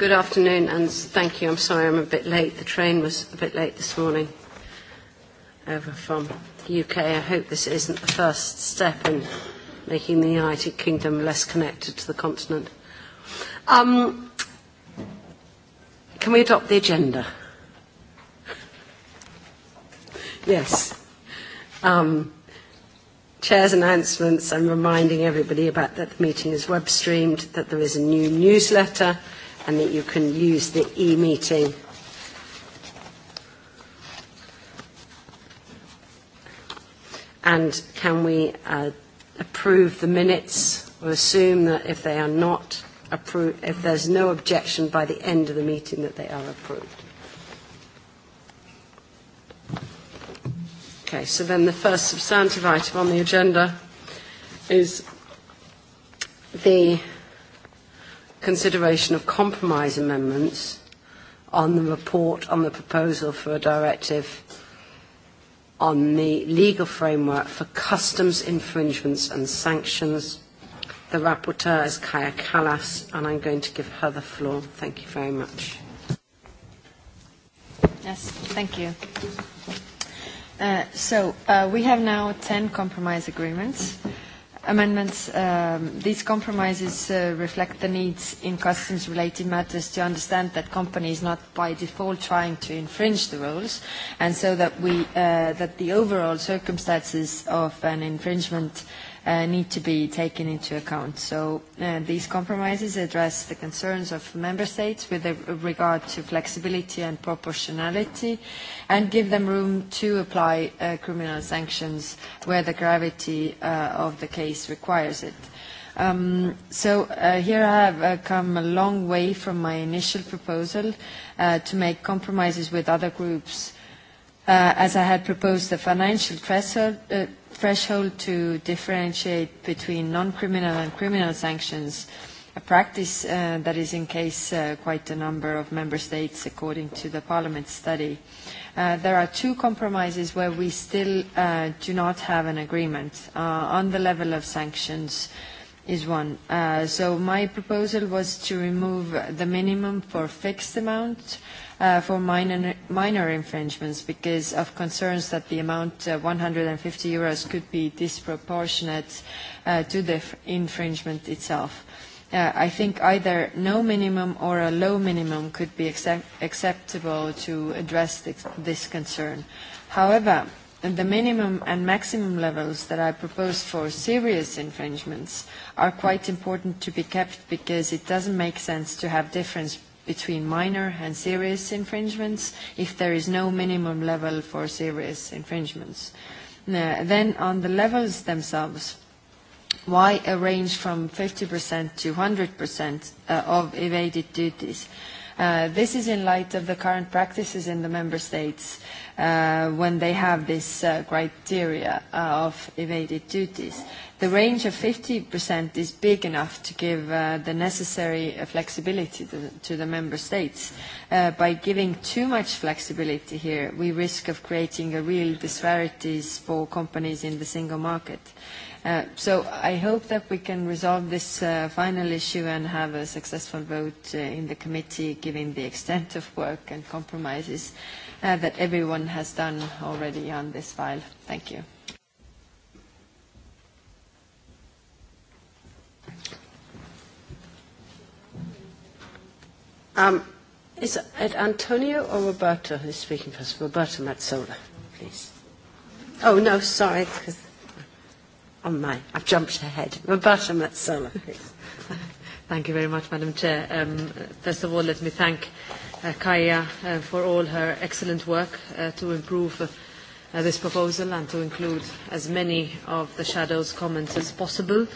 Good afternoon and thank you. I'm sorry I'm a bit late. The train was a bit late this morning over from the UK. I hope this isn't the first step in making the United Kingdom less connected to the continent. Um, can we adopt the agenda? Yes. Um, chair's announcements. I'm reminding everybody about that the meeting is web streamed, that there is a new newsletter and that you can use the e-meeting. And can we uh, approve the minutes or assume that if they are not approved, if there's no objection by the end of the meeting that they are approved? Okay, so then the first substantive item on the agenda is the consideration of compromise amendments on the report on the proposal for a directive on the legal framework for customs infringements and sanctions. The rapporteur is Kaya Kallas, and I'm going to give her the floor. Thank you very much. Yes, thank you. Uh, so uh, we have now 10 compromise agreements. Uh, amendments, um, these compromises uh, reflect the needs in customs-related matters to understand that companies not by default trying to infringe the rules, and so that, we, uh, that the overall circumstances of an infringement uh, Uh, need to be taken into account. So uh, these compromises address the concerns of member states with regard to flexibility and proportionality and give them room to apply uh, criminal sanctions where the gravity uh, of the case requires it. Um, so uh, here I have uh, come a long way from my initial proposal uh, to make compromises with other groups uh, as I had proposed the financial threshold, uh, threshold to differentiate between non-criminal and criminal sanctions, a practice uh, that is in case uh, quite a number of member states according to the parliament study. Uh, there are two compromises where we still uh, do not have an agreement uh, on the level of sanctions is one. Uh, so my proposal was to remove the minimum for fixed amount uh, Uh, for minor, minor infringements because of concerns that the amount uh, 150 euros could be disproportionate uh, to the infringement itself. Uh, I think either no minimum or a low minimum could be accept acceptable to address this, this concern. However, the minimum and maximum levels that I propose for serious infringements are quite important to be kept because it doesn't make sense to have difference between minor and serious infringements if there is no minimum level for serious infringements. Now, uh, then on the levels themselves, why a range from 50% to 100% uh, of evaded duties? Uh, Uh, this is in light of the current practices in the member states uh, when they have this uh, criteria uh, of evaded duties. The range of 50% is big enough to give uh, the necessary uh, flexibility to, to the member states. Uh, by giving too much flexibility here, we risk of creating a real disparities for companies in the single market. Uh, so I hope that we can resolve this uh, final issue and have a successful vote uh, in the committee, given the extent of work and compromises that everyone has done already on this file. Thank you. Um, is it Antonio or Roberto who's speaking first? Roberto Mazzola, please. Oh, no, sorry, because on oh, my, I've jumped ahead. Mabasha Matsala, please. Thank you very much, Madam Chair. Um, first of all, let me thank uh, Kaya uh, for all her excellent work uh, to improve uh, this proposal and to include as many of the Shadow's comments as possible.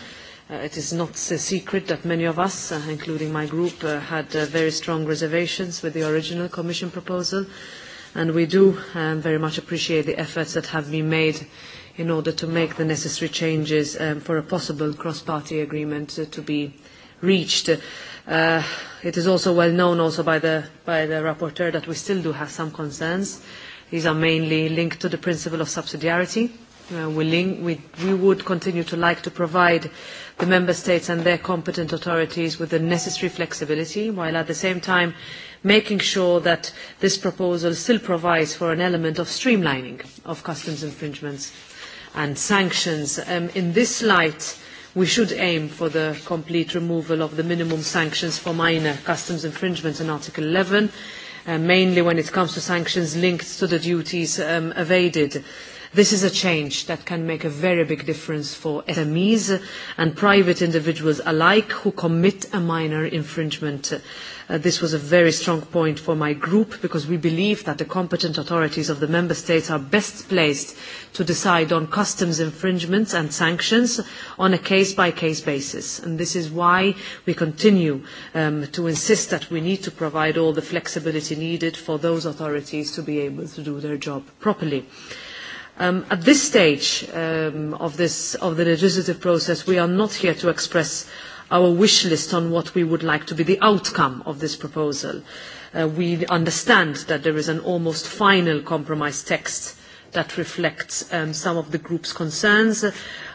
Uh, it is not a secret that many of us, uh, including my group, uh, had uh, very strong reservations with the original Commission proposal, and we do um, very much appreciate the efforts that have been made in order to make the necessary changes um, for a possible cross-party agreement uh, to be reached. Uh, it is also well known also by the, by the rapporteur that we still do have some concerns. These are mainly linked to the principle of subsidiarity. Uh, we, link, we, we would continue to like to provide the Member States and their competent authorities with the necessary flexibility, while at the same time making sure that this proposal still provides for an element of streamlining of customs infringements and sanctions. Um, in this light, we should aim for the complete removal of the minimum sanctions for minor customs infringements in Article 11, uh, mainly when it comes to sanctions linked to the duties um, evaded. This is a change that can make a very big difference for SMEs and private individuals alike who commit a minor infringement. Uh, this was a very strong point for my group because we believe that the competent authorities of the member states are best placed to decide on customs infringements and sanctions on a case-by-case -case basis. And this is why we continue um, to insist that we need to provide all the flexibility needed for those authorities to be able to do their job properly. Uh, Um, at this stage um, of, this, of the legislative process, we are not here to express our wish list on what we would like to be the outcome of this proposal. Uh, we understand that there is an almost final compromise text that reflects um, some of the group's concerns.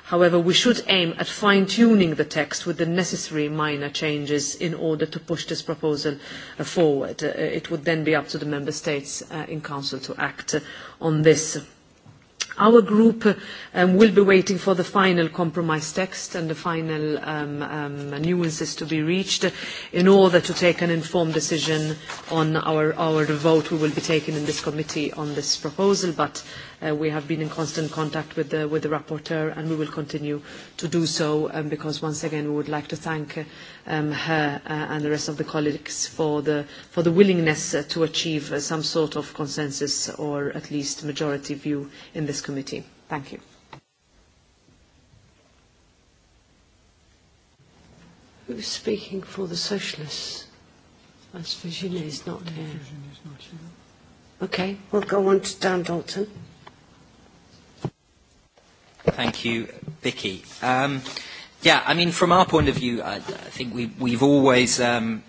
However, we should aim at fine-tuning the text with the necessary minor changes in order to push this proposal uh, forward. Uh, it would then be up to the Member States uh, in Council to act uh, on this. Uh, Our group um, will be waiting for the final compromise text and the final um, um, nuances to be reached in order to take an informed decision on our, our vote we will be taking in this committee on this proposal. But Uh, we have been in constant contact with the with the rapporteur and we will continue to do so um, because once again we would like to thank um, her uh, and the rest of the colleagues for the for the willingness uh, to achieve uh, some sort of consensus or at least majority view in this committee thank you Who's speaking for the socialists? As Virginie is not here. Okay, we'll go on to Dan Dalton. Thank you, Vicky. Um, yeah, I mean, from our point of view, I, I think we, we've always um,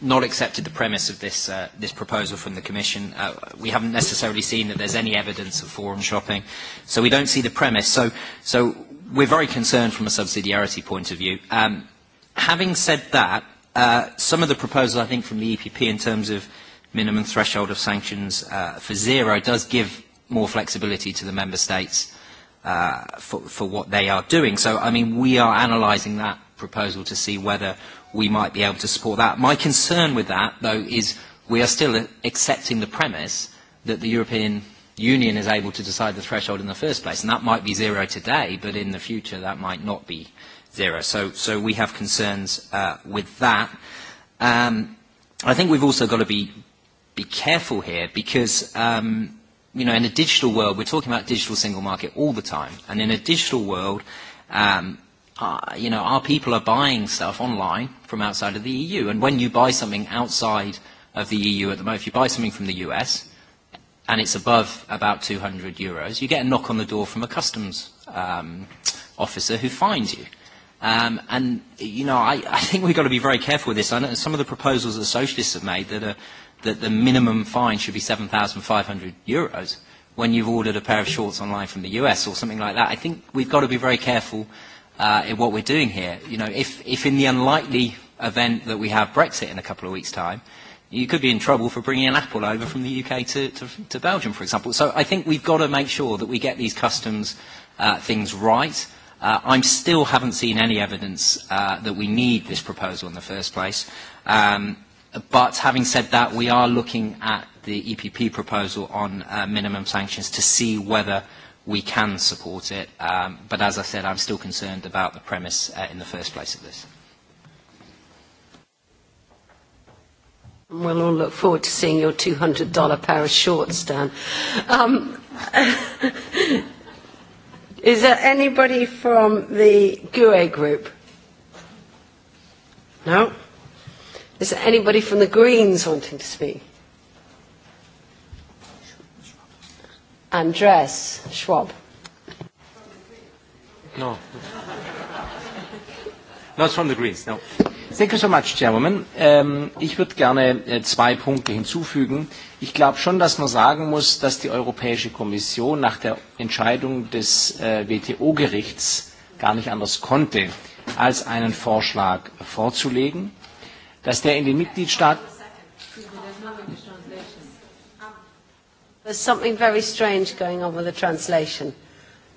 not accepted the premise of this, uh, this proposal from the Commission. Uh, we haven't necessarily seen that there's any evidence of forum shopping, so we don't see the premise. So, so we're very concerned from a subsidiarity point of view. Um, having said that, uh, some of the proposals, I think, from the EPP in terms of minimum threshold of sanctions uh, for zero does give more flexibility to the member states uh, Uh, for, for what they are doing. So, I mean, we are analysing that proposal to see whether we might be able to support that. My concern with that, though, is we are still accepting the premise that the European Union is able to decide the threshold in the first place. And that might be zero today, but in the future that might not be zero. So, so we have concerns uh, with that. Um, I think we've also got to be, be careful here because um, – you know, in a digital world, we're talking about digital single market all the time. And in a digital world, um, uh, you know, our people are buying stuff online from outside of the EU. And when you buy something outside of the EU at the moment, if you buy something from the US and it's above about 200 euros, you get a knock on the door from a customs um, officer who finds you. Uh, Um, and, you know, I, I think we've got to be very careful with this. I know some of the proposals that socialists have made that, are, that the minimum fine should be 7,500 euros when you've ordered a pair of shorts online from the US or something like that. I think we've got to be very careful uh, in what we're doing here. You know, if, if in the unlikely event that we have Brexit in a couple of weeks' time, you could be in trouble for bringing an apple over from the UK to, to, to Belgium, for example. So I think we've got to make sure that we get these customs uh, things right. Uh, Uh, I still haven't seen any evidence uh, that we need this proposal in the first place. Um, but having said that, we are looking at the EPP proposal on uh, minimum sanctions to see whether we can support it. Um, but as I said, I'm still concerned about the premise uh, in the first place of this. We'll all look forward to seeing your $200 pair of shorts, Dan. Um, Is there anybody from the GUE group? No? Is there anybody from the Greens wanting to speak? Andres Schwab. No. Not from the Greens, no. Thank you so much, Chairwoman. Ähm, ich würde gerne äh, zwei Punkte hinzufügen. Ich glaube schon, dass man sagen muss, dass die Europäische Kommission nach der Entscheidung des äh, WTO-Gerichts gar nicht anders konnte, als einen Vorschlag vorzulegen, dass der in den Mitgliedstaaten. There's something very strange going on with the translation.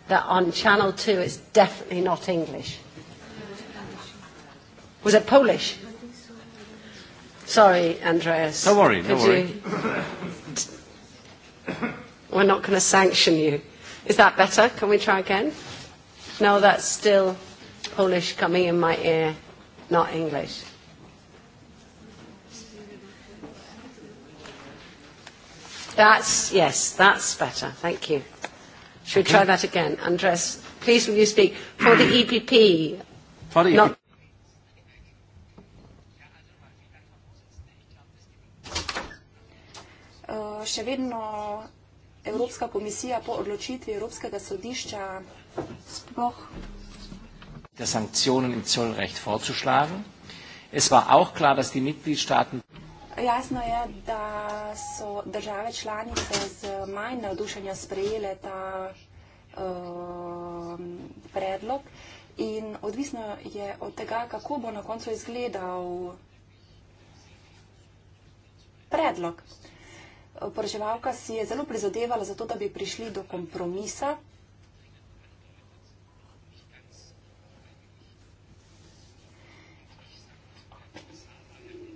That on Channel 2 it's definitely not English. Was it Polish? Sorry, Andreas. Don't worry, don't worry. We're not going to sanction you. Is that better? Can we try again? No, that's still Polish coming in my ear, not English. That's, yes, that's better. Thank you. Should we okay. try that again? Andres, please will you speak for the EPP? For the EPP. Not- še vedno Evropska komisija po odločitvi Evropskega sodišča sploh. Da sankcionen in zollrecht vorzuschlagen. Es war auch klar, dass die Mitgliedstaaten. Jasno je, da so države članice z manj navdušenja sprejele ta uh, predlog in odvisno je od tega, kako bo na koncu izgledal predlog. Uh, poraževalka si je zelo prizadevala za to, da bi prišli do kompromisa.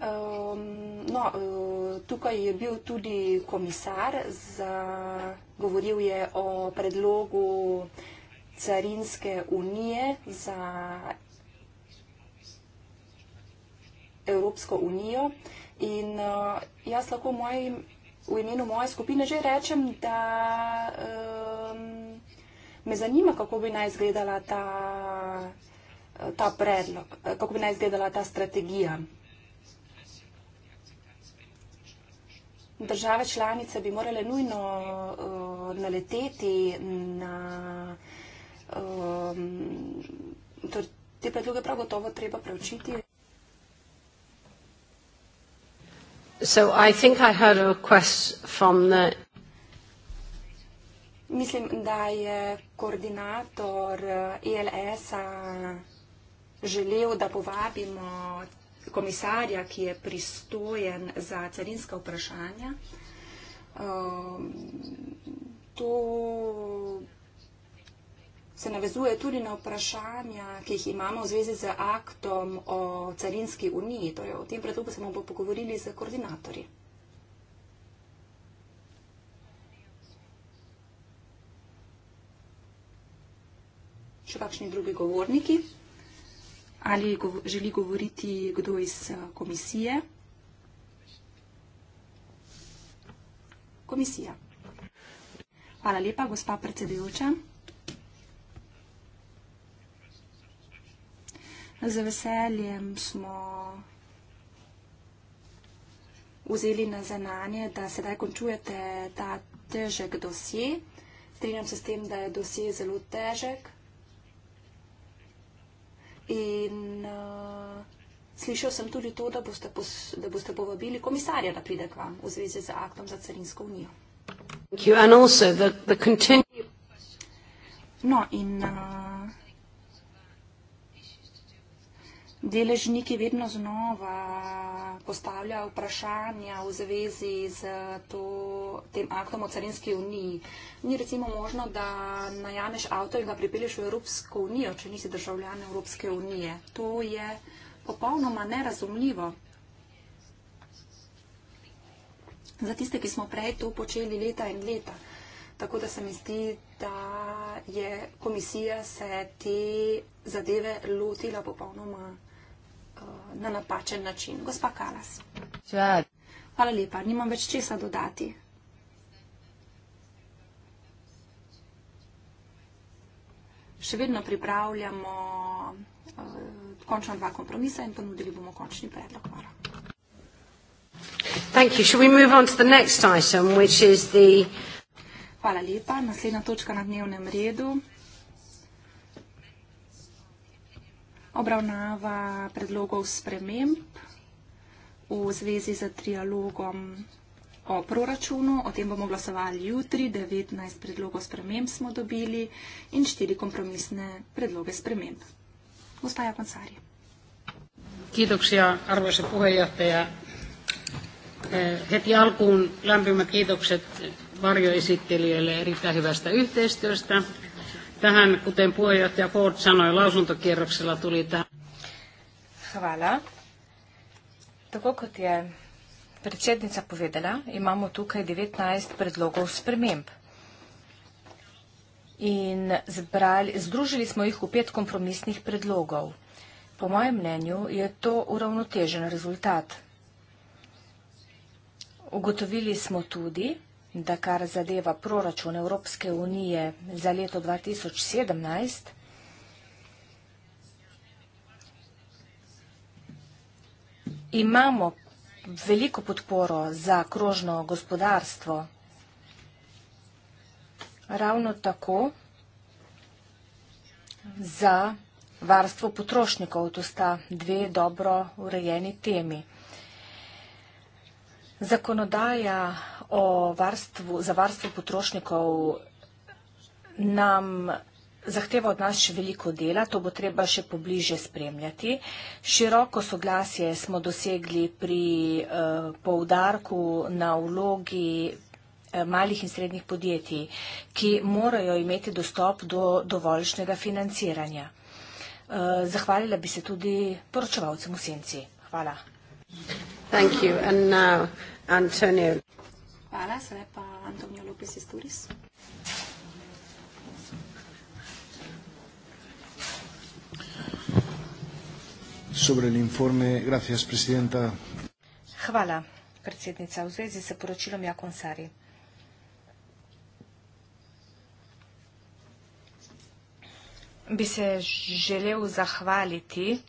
Um, no, uh, tukaj je bil tudi komisar, za, govoril je o predlogu Carinske unije za Evropsko unijo in uh, jaz lahko mojim v imenu moje skupine že rečem, da um, me zanima, kako bi naj izgledala ta, ta predlog, kako bi naj izgledala ta strategija. Države članice bi morale nujno uh, naleteti na um, torej te predloge, prav gotovo treba preučiti. I think I heard a request from the Mislim, da je koordinator ELS eh, e želel, da povabimo komisarja, ki je pristojen za carinska vprašanja. Ehm, to se navezuje tudi na vprašanja, ki jih imamo v zvezi z aktom o carinski uniji. Torej, o tem predlogu se bomo pogovorili z koordinatorji. Še kakšni drugi govorniki? Ali gov želi govoriti kdo iz eh, komisije? Komisija. Hvala lepa, gospa predsedujoča. Z veseljem smo vzeli na zanje, da sedaj končujete ta težek dosje. Strinjam se s tem, da je dosje zelo težek. In uh, slišal sem tudi to, da boste, pos, da boste povabili komisarja, da pride k vam v zvezi z aktom za carinsko unijo. No, in. Uh, deležniki vedno znova postavljajo vprašanja v zvezi z to, tem aktom o carinski uniji. Ni recimo možno, da najameš avto in ga pripelješ v Evropsko unijo, če nisi državljan Evropske unije. To je popolnoma nerazumljivo. Za tiste, ki smo prej to počeli leta in leta. Tako da se mi zdi, da je komisija se te zadeve lotila popolnoma. Eh, na napačen način. Gospa Kalas. Hvala lepa, nimam več česa dodati. Še vedno pripravljamo uh, eh, končno dva kompromisa in ponudili bomo končni predlog. Hvala. Thank you. Shall we move on to the next item, which is the... Hvala lepa. Naslednja točka na dnevnem redu. obravnava predlogov sprememb v zvezi z trialogom o proračunu. O tem bomo glasovali jutri. 19 predlogov sprememb smo dobili in 4 kompromisne predloge sprememb. Gospa Jakoncari. Kiitoksia, arvoisa puheenjohtaja. Eh, heti alkuun lämpimät kiitokset varjoesittelijöille erittäin hyvästä yhteistyöstä tähän, kuten puheenjohtaja Ford sanoi, lausuntokierroksella tuli tähän. Hvala. Tako kot je predsednica povedala, imamo tukaj 19 predlogov sprememb. In zbrali, združili smo jih v pet kompromisnih predlogov. Po mojem mnenju je to uravnotežen rezultat. Ugotovili smo tudi, da kar zadeva proračun Evropske unije za leto 2017, imamo veliko podporo za krožno gospodarstvo. Ravno tako za varstvo potrošnikov, to sta dve dobro urejeni temi. Zakonodaja o varstvu, za varstvo potrošnikov nam zahteva od nas še veliko dela, to bo treba še pobliže spremljati. Široko soglasje smo dosegli pri eh, poudarku na vlogi eh, malih in srednjih podjetij, ki morajo imeti dostop do dovoljšnega financiranja. Eh, zahvalila bi se tudi poročevalcem v Senci. Hvala. Thank you. And now, Hvala, se lepa Antonio Lopez iz Turis. Sobre el informe, gracias, presidenta. Hvala, predsednica, v zvezi s poročilom Jakon Sari. Bi se želel zahvaliti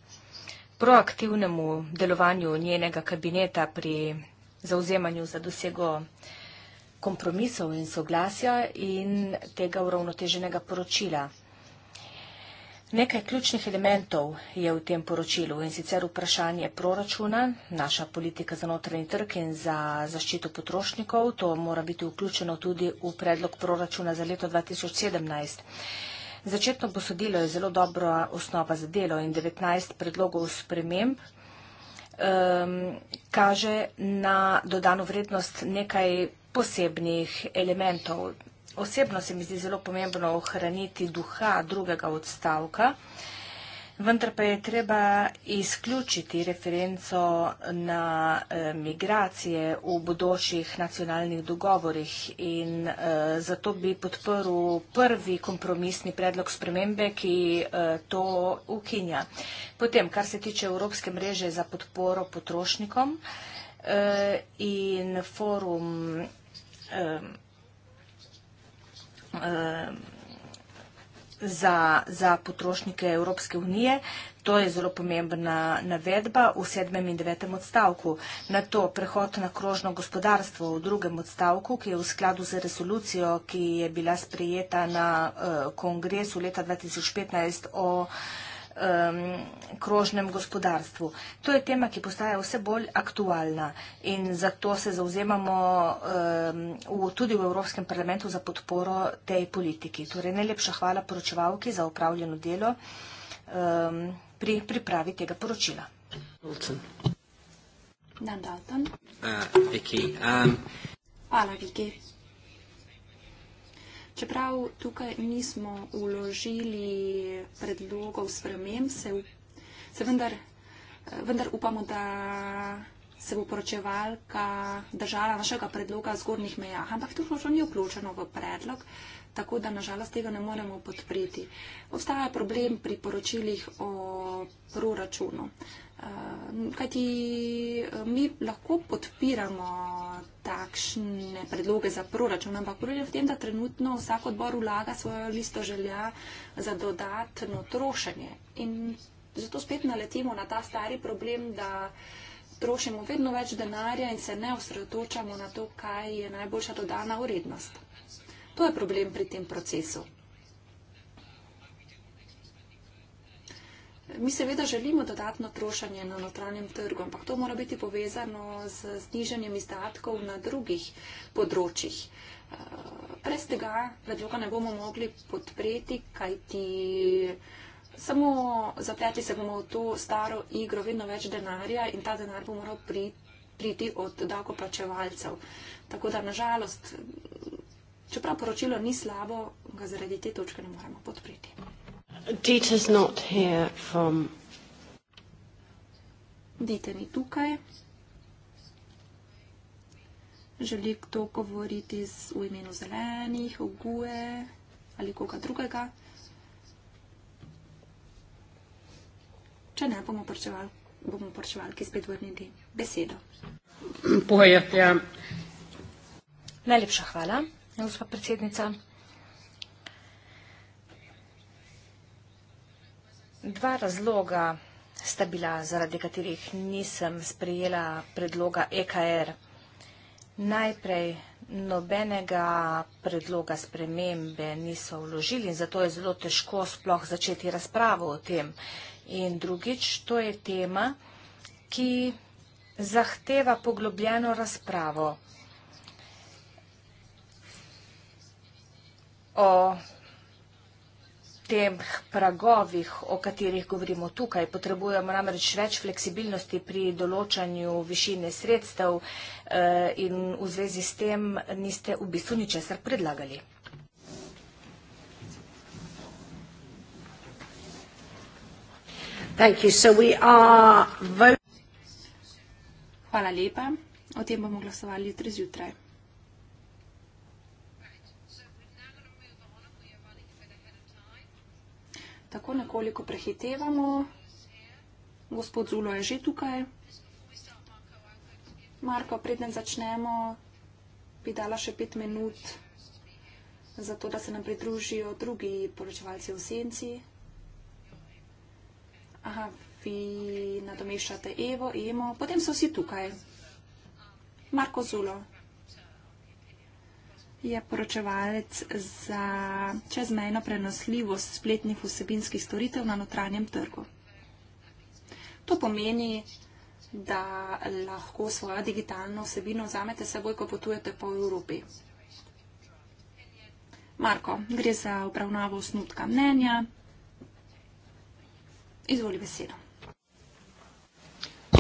proaktivnemu delovanju njenega kabineta pri zauzemanju za dosego kompromisov in soglasja in tega uravnoteženega poročila. Nekaj ključnih elementov je v tem poročilu in sicer vprašanje proračuna, naša politika za notranji trg in za zaščito potrošnikov. To mora biti vključeno tudi v predlog proračuna za leto 2017. Začetno posodilo je zelo dobra osnova za delo in 19 predlogov sprememb um, kaže na dodano vrednost nekaj posebnih elementov. Osebno se mi zdi zelo pomembno ohraniti duha drugega odstavka, vendar pa je treba izključiti referenco na eh, migracije v bodočih nacionalnih dogovorih in eh, zato bi podporil prvi kompromisni predlog spremembe, ki eh, to ukinja. Potem, kar se tiče Evropske mreže za podporo potrošnikom in forum potrošnikom, Um, um, za, za potrošnike Evropske unije. To je zelo pomembna navedba v sedmem in devetem odstavku. Na to prehod na krožno gospodarstvo v drugem odstavku, ki je v skladu z resolucijo, ki je bila sprejeta na uh, kongresu leta 2015 o um, krožnem gospodarstvu. To je tema, ki postaja vse bolj aktualna in zato se zauzemamo um, v, tudi v Evropskem parlamentu za podporo tej politiki. Torej, najlepša hvala poročevalki za upravljeno delo um, pri pripravi tega poročila. Dan Dalton. Uh, Vicky, um... Hvala, Viki. Čeprav tukaj nismo uložili predlogov sprememb, se, se vendar, eh, vendar upamo, da se bo poročevalka držala našega predloga v zgornjih mejah. Ampak to pa še ni vključeno v predlog, tako da nažalost tega ne moremo podpreti. Obstaja problem pri poročilih o proračunu. Ehm, kajti eh, mi lahko podpiramo takšne predloge za proračun, ampak problem je v tem, da trenutno vsak odbor vlaga svojo listo želja za dodatno trošenje. In zato spet naletimo na ta stari problem, da trošimo vedno več denarja in se ne osredotočamo na to, kaj je najboljša dodana vrednost. To je problem pri tem procesu. Mi seveda želimo dodatno trošanje na notranjem trgu, ampak to mora biti povezano z zniženjem izdatkov na drugih področjih. Eh, brez tega predloga ne bomo mogli podpreti, kajti samo zapletli se bomo v to staro igro, vedno več denarja in ta denar bo moral priti od davkoplačevalcev. Tako da nažalost, čeprav poročilo ni slabo, ga zaradi te točke ne moremo podpreti. Dieter's not here from. Dieter ni tukaj. Želi kdo govoriti z, v imenu zelenih, oguje ali koga drugega? Če ne, bomo porčeval, bomo porčeval, ki spet vrnili besedo. Pojete. Ja, ja. Najlepša hvala, gospod predsednica. Dva razloga sta bila, zaradi katerih nisem sprejela predloga EKR. Najprej nobenega predloga spremembe niso vložili in zato je zelo težko sploh začeti razpravo o tem. In drugič, to je tema, ki zahteva poglobljeno razpravo o teh pragovih, o katerih govorimo tukaj. Potrebujemo namreč več fleksibilnosti pri določanju višine sredstev eh, in v zvezi s tem niste v bistvu ničesar predlagali. Hvala lepa. O tem bomo glasovali jutri zjutraj. tako nekoliko prehitevamo. Gospod Zulo je že tukaj. Marko, predem začnemo, bi dala še pet minut, zato da se nam pridružijo drugi poročevalci v senci. Aha, vi nadomeščate Evo, Emo, potem so vsi tukaj. Marko Zulo je poročevalec za čezmejno prenosljivost spletnih vsebinskih storitev na notranjem trgu. To pomeni, da lahko svojo digitalno vsebino vzamete seboj, ko potujete po Evropi. Marko, gre za upravnavo osnutka mnenja. Izvoli besedo.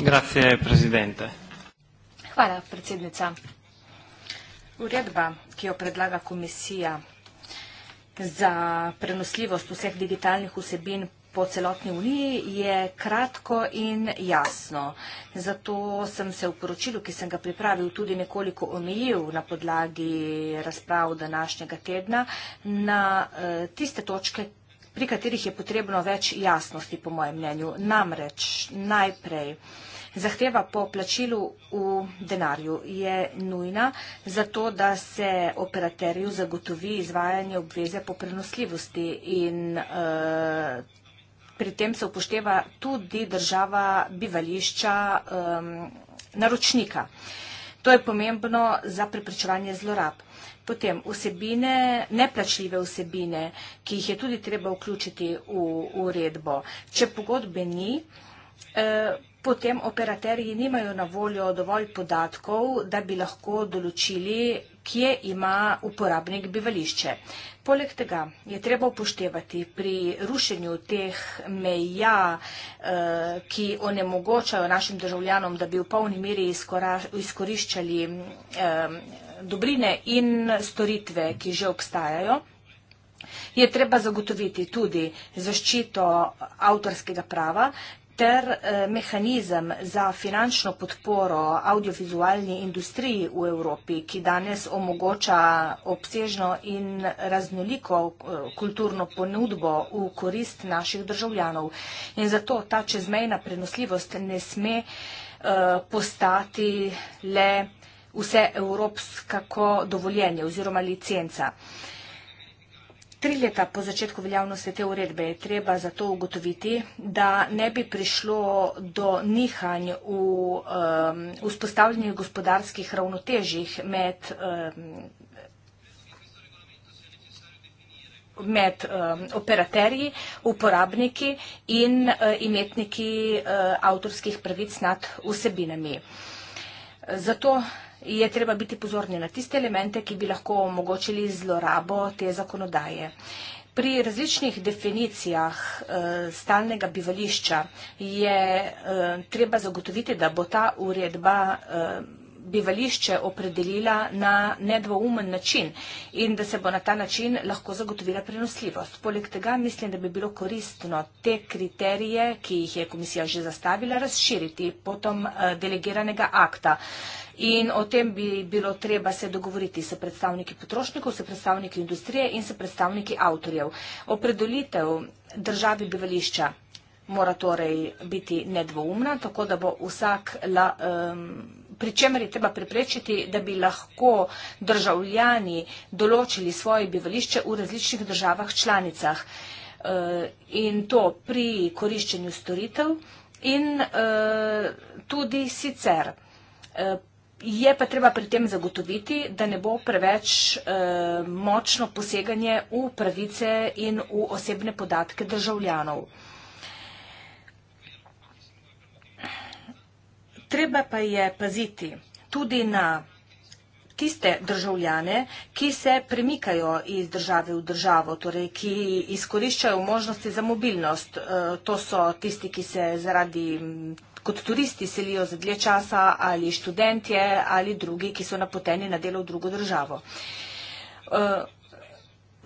Grazie, Hvala, predsednica. Uredba, ki jo predlaga komisija za prenosljivost vseh digitalnih vsebin po celotni uniji, je kratko in jasno. Zato sem se v poročilu, ki sem ga pripravil, tudi nekoliko omejil na podlagi razprav današnjega tedna na eh, tiste točke, pri katerih je potrebno več jasnosti, po mojem mnenju. Namreč najprej zahteva po plačilu v denarju je nujna, zato da se operaterju zagotovi izvajanje obveze po prenosljivosti in eh, pri tem se upošteva tudi država bivališča ehm, naročnika. To je pomembno za preprečevanje zlorab. Potem vsebine, neplačljive vsebine, ki jih je tudi treba vključiti v uredbo. Če pogodbe ni, eh, potem operaterji nimajo na voljo dovolj podatkov, da bi lahko določili, kje ima uporabnik bivališče. Poleg tega je treba upoštevati pri rušenju teh meja, eh, ki onemogočajo našim državljanom, da bi v polni miri izkoriščali eh, dobrine in storitve, ki že obstajajo. Je treba zagotoviti tudi zaščito avtorskega prava, ter eh, mehanizem za finančno podporo audiovizualni industriji v Evropi, ki danes omogoča obsežno in raznoliko eh, kulturno ponudbo v korist naših državljanov. In zato ta čezmejna prenosljivost ne sme eh, postati le vse evropskako dovoljenje oziroma licenca. Tri leta po začetku veljavnosti te uredbe je treba zato ugotoviti, da ne bi prišlo do nihanj v um, vzpostavljenih gospodarskih ravnotežjih med, um, med um, operaterji, uporabniki in uh, imetniki uh, avtorskih pravic nad vsebinami. Zato je treba biti pozorni na tiste elemente, ki bi lahko omogočili zlorabo te zakonodaje. Pri različnih definicijah eh, stalnega bivališča je eh, treba zagotoviti, da bo ta uredba eh, bivališče opredelila na nedvoumen način in da se bo na ta način lahko zagotovila prenosljivost. Poleg tega mislim, da bi bilo koristno te kriterije, ki jih je komisija že zastavila, razširiti potom delegiranega akta. In o tem bi bilo treba se dogovoriti s predstavniki potrošnikov, s predstavniki industrije in s predstavniki avtorjev. Opredolitev državi bivališča mora torej biti nedvoumna, tako da bo vsak la, um, pri čemer je treba preprečiti, da bi lahko državljani določili svoje bivališče v različnih državah članicah eh, in to pri koriščenju storitev in eh, tudi sicer eh, Je pa treba pri tem zagotoviti, da ne bo preveč e, močno poseganje v pravice in v osebne podatke državljanov. Treba pa je paziti tudi na tiste državljane, ki se premikajo iz države v državo, torej ki izkoriščajo možnosti za mobilnost. E, to so tisti, ki se zaradi kot turisti selijo za dlje časa ali študentje ali drugi, ki so napoteni na delo v drugo državo. Eh,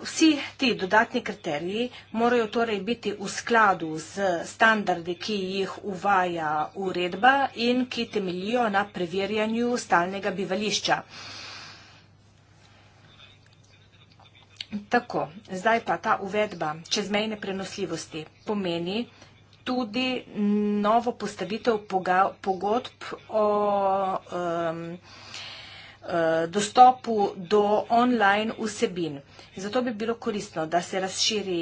vsi ti dodatni kriteriji morajo torej biti v skladu z standardi, ki jih uvaja uredba in ki temeljijo na preverjanju stalnega bivališča. Tako, zdaj pa ta uvedba čezmejne prenosljivosti pomeni, tudi novo postavitev pogodb o um, dostopu do online vsebin. Zato bi bilo koristno, da se razširi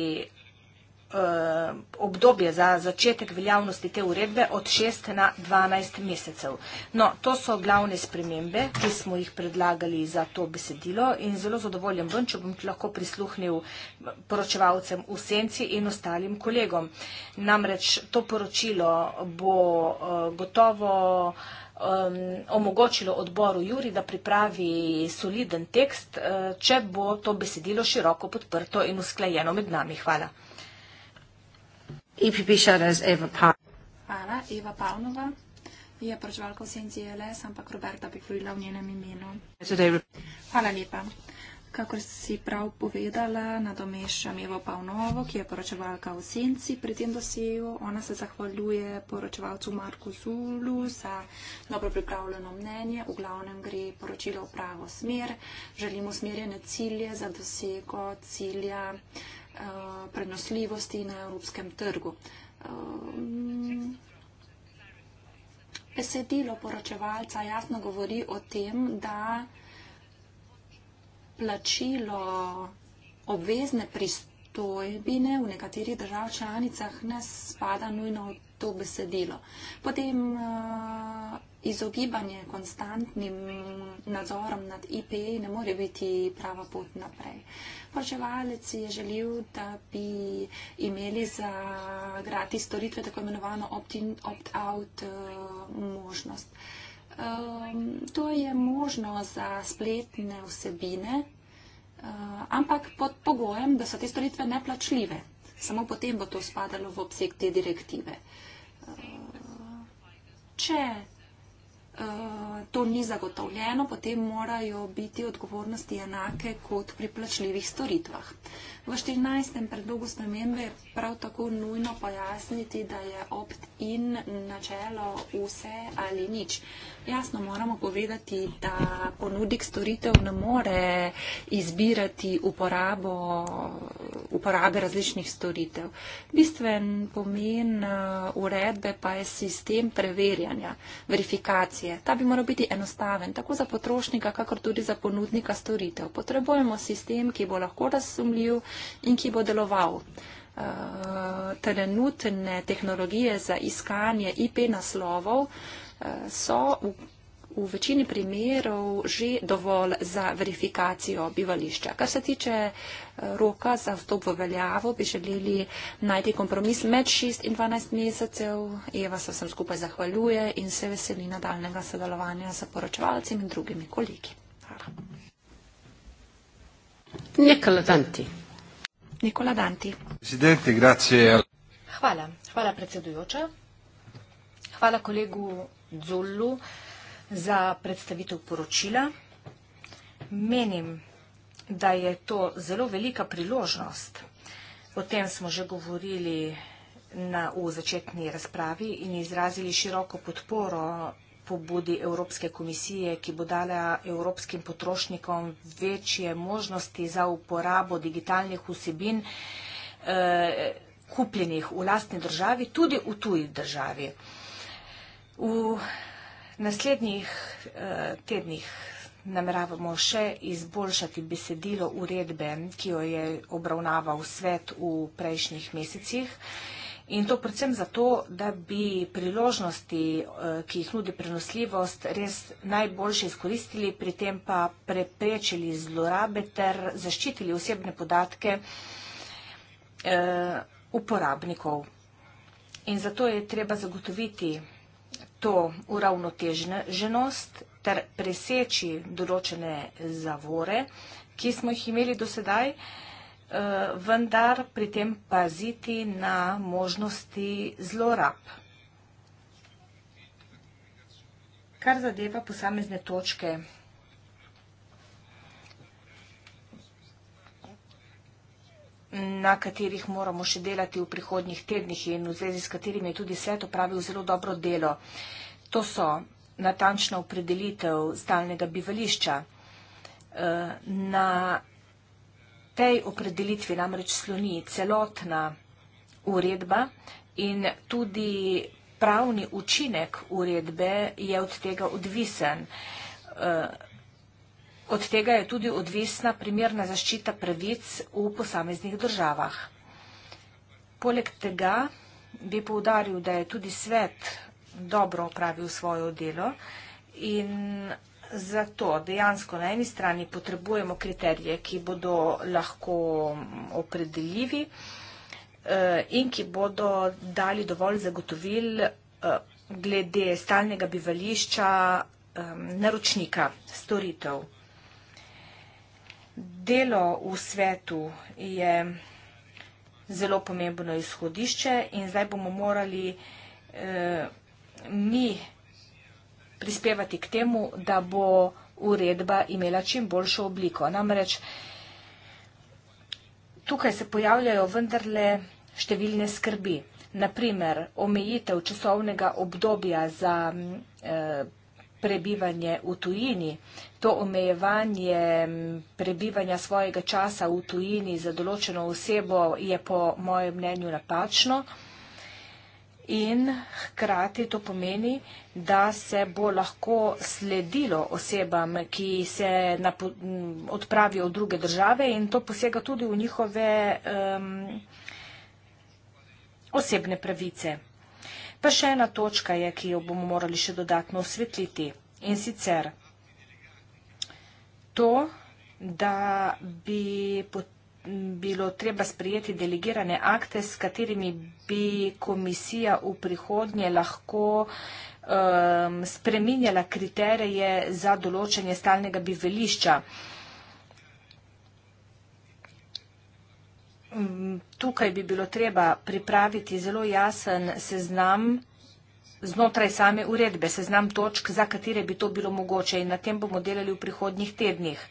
Eh, obdobje za začetek veljavnosti te uredbe od 6 na 12 mesecev. No, to so glavne spremembe, ki smo jih predlagali za to besedilo in zelo zadovoljen bom, če bom lahko prisluhnil poročevalcem v senci in ostalim kolegom. Namreč to poročilo bo eh, gotovo omogočilo odboru Juri, da pripravi soliden tekst, eh, če bo to besedilo široko podprto in usklajeno med nami. Hvala. EPP Shadows, Eva pa. Hvala, Eva Pavlova. Je proračevalka v senci e LS, ampak Roberta bi govorila v njenem imenu. Hvala lepa. Kakor si prav povedala, nadomeščam Evo Pavnovo, ki je poročevalka v senci pri tem dosegu. Ona se zahvaljuje poročevalcu Marku Zulu za dobro pripravljeno mnenje. V glavnem gre poročilo v pravo smer. Želimo smerjene cilje za dosego cilja. Uh, Eh, prenosljivosti na evropskem trgu. Ehm, besedilo poročevalca jasno govori o tem, da plačilo obvezne pristojbine v nekaterih držav članicah ne spada nujno v to besedilo. Potem eh, izogibanje konstantnim nadzorom nad IP ne more biti prava pot naprej. Poročevalec je želel, da bi imeli za gratis storitve tako imenovano opt-out opt eh, možnost. Um, to je možno za spletne vsebine, um, ampak pod pogojem, da so te storitve neplačljive. Samo potem bo to spadalo v obseg te direktive. Um, če to ni zagotovljeno, potem morajo biti odgovornosti enake kot pri plačljivih storitvah. V 14. predlogu spremembe je prav tako nujno pojasniti, da je opt-in načelo vse ali nič. Jasno moramo povedati, da ponudnik storitev ne more izbirati uporabo, uporabe različnih storitev. Bistven pomen uh, uredbe pa je sistem preverjanja, verifikacije. Ta bi moral biti enostaven, tako za potrošnika, kakor tudi za ponudnika storitev. Potrebujemo sistem, ki bo lahko razumljiv in ki bo deloval. Eh, trenutne tehnologije za iskanje IP naslovov eh, so v v večini primerov že dovolj za verifikacijo bivališča. Kar se tiče eh, roka za vstop v veljavo, bi želeli najti kompromis med 6 in 12 mesecev. Eva se vsem skupaj zahvaljuje in se veseli nadaljnega sodelovanja z poročevalci in drugimi kolegi. Hvala. Nikola Danti. Nikola Danti. Hvala, hvala predsedujoča. Hvala kolegu Zullu za predstavitev poročila. Menim, da je to zelo velika priložnost. O tem smo že govorili na, v začetni razpravi in izrazili široko podporo pobudi Evropske komisije, ki bo dala evropskim potrošnikom večje možnosti za uporabo digitalnih vsebin eh, kupljenih v lastni državi, tudi v tuji državi. V naslednjih eh, tednih nameravamo še izboljšati besedilo uredbe, ki jo je obravnaval svet v prejšnjih mesecih. In to predvsem zato, da bi priložnosti, eh, ki jih nudi prenosljivost, res najboljše izkoristili, pri tem pa preprečili zlorabe ter zaščitili osebne podatke eh, uporabnikov. In zato je treba zagotoviti to uravnoteženost ter preseči določene zavore, ki smo jih imeli do sedaj, eh, vendar pri tem paziti na možnosti zlorab. Kar zadeva posamezne točke zlorab, na katerih moramo še delati v prihodnjih tednih in v zvezi s katerimi je tudi svet opravil zelo dobro delo. To so natančna opredelitev stalnega bivališča. Eh, na tej opredelitvi namreč sloni celotna uredba in tudi pravni učinek uredbe je od tega odvisen. Eh, Od tega je tudi odvisna primerna zaščita pravic v posameznih državah. Poleg tega bi povdaril, da je tudi svet dobro opravil svojo delo in zato dejansko na eni strani potrebujemo kriterije, ki bodo lahko opredeljivi eh, in ki bodo dali dovolj zagotovil eh, glede stalnega bivališča eh, naročnika storitev. Delo v svetu je zelo pomembno izhodišče in zdaj bomo morali eh, mi prispevati k temu, da bo uredba imela čim boljšo obliko. Namreč tukaj se pojavljajo vendarle številne skrbi. Naprimer, omejitev časovnega obdobja za eh, prebivanje v tujini. To omejevanje prebivanja svojega časa v tujini za določeno osebo je po mojem mnenju napačno in hkrati to pomeni, da se bo lahko sledilo osebam, ki se odpravijo v druge države in to posega tudi v njihove um, osebne pravice. Pa še ena točka je, ki jo bomo morali še dodatno osvetliti. In sicer to, da bi bilo treba sprejeti delegirane akte, s katerimi bi komisija v prihodnje lahko um, spreminjala kriterije za določanje stalnega bivališča. tukaj bi bilo treba pripraviti zelo jasen seznam znotraj same uredbe, seznam točk, za katere bi to bilo mogoče in na tem bomo delali v prihodnjih tednih.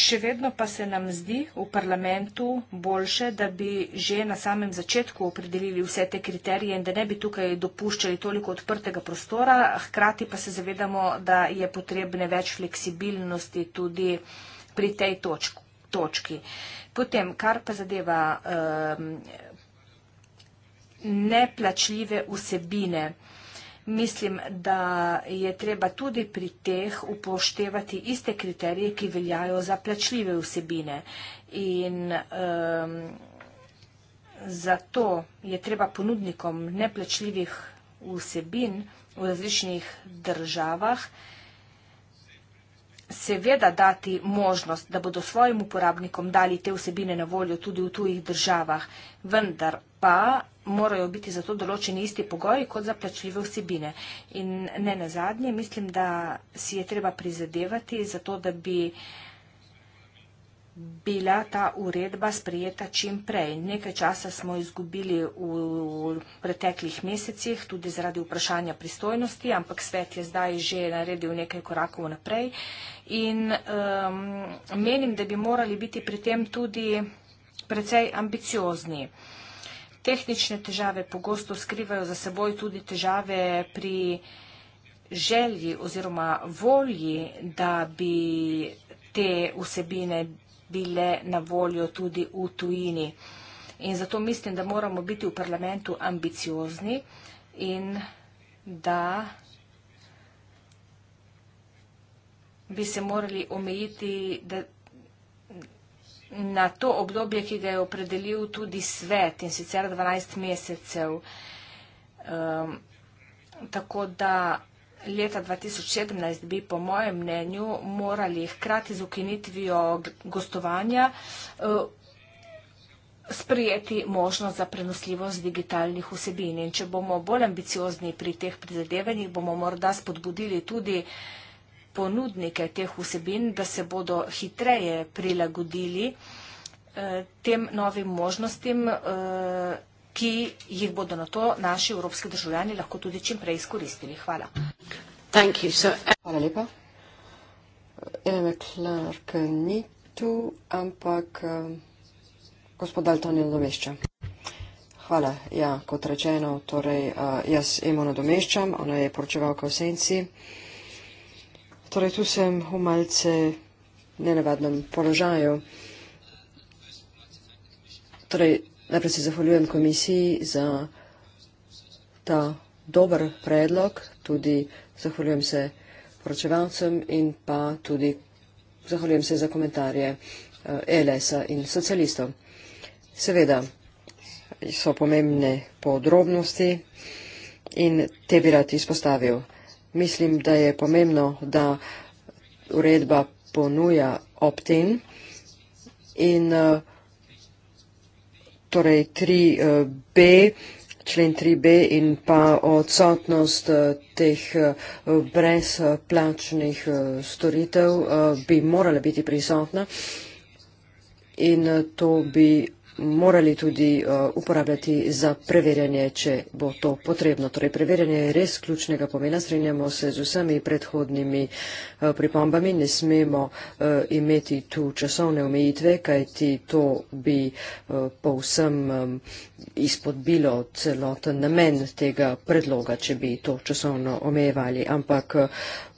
Še vedno pa se nam zdi v parlamentu boljše, da bi že na samem začetku opredelili vse te kriterije in da ne bi tukaj dopuščali toliko odprtega prostora, hkrati pa se zavedamo, da je potrebne več fleksibilnosti tudi vsega pri tej točk, točki. Potem, kar pa zadeva um, neplačljive vsebine, mislim, da je treba tudi pri teh upoštevati iste kriterije, ki veljajo za plačljive vsebine. In um, zato je treba ponudnikom neplačljivih vsebin v različnih državah uh, seveda dati možnost, da bodo svojim uporabnikom dali te vsebine na voljo tudi v tujih državah, vendar pa morajo biti za to določeni isti pogoji kot za plačljive vsebine. In ne na zadnje, mislim, da si je treba prizadevati za to, da bi bila ta uredba sprejeta čim prej. Nekaj časa smo izgubili v preteklih mesecih, tudi zaradi vprašanja pristojnosti, ampak svet je zdaj že naredil nekaj korakov naprej. In um, menim, da bi morali biti pri tem tudi precej ambiciozni. Tehnične težave pogosto skrivajo za seboj tudi težave pri želji oziroma volji, da bi te vsebine bile na voljo tudi v tujini. In zato mislim, da moramo biti v parlamentu ambiciozni in da bi se morali omejiti da na to obdobje, ki ga je opredelil tudi svet in sicer 12 mesecev. Um, tako da leta 2017 bi po mojem mnenju morali hkrati z ukinitvijo gostovanja eh, sprijeti možnost za prenosljivost digitalnih vsebin. In če bomo bolj ambiciozni pri teh prizadevanjih, bomo morda spodbudili tudi ponudnike teh vsebin, da se bodo hitreje prilagodili eh, tem novim možnostim eh, ki jih bodo na to naši evropski državljani lahko tudi čim prej izkoristili. Hvala. Eh, Hvala lepa. Eme Clark ni tu, ampak eh, gospod Dalton je nadomešča. Hvala. Ja, kot rečeno, torej eh, jaz Emo nadomeščam, ona je poročevalka v Senci. Torej tu sem v malce nenavadnem položaju. Torej, Najprej se zahvaljujem komisiji za ta dober predlog, tudi zahvaljujem se poročevalcem in pa tudi zahvaljujem se za komentarje ELS-a eh, e in socialistov. Seveda so pomembne podrobnosti in te bi rad izpostavil. Mislim, da je pomembno, da uredba ponuja opt-in in uh, torej 3b, eh, člen 3b in pa odsotnost eh, teh eh, brezplačnih storitev bi morala biti prisotna in to bi morali tudi eh, uporabljati za preverjanje, če bo to potrebno. Torej, preverjanje je res ključnega pomena. Strenjamo se z vsemi predhodnimi eh, pripombami. Ne smemo eh, imeti tu časovne omejitve, kajti to bi povsem izpodbilo celoten namen tega predloga, če bi to časovno omejevali. Ampak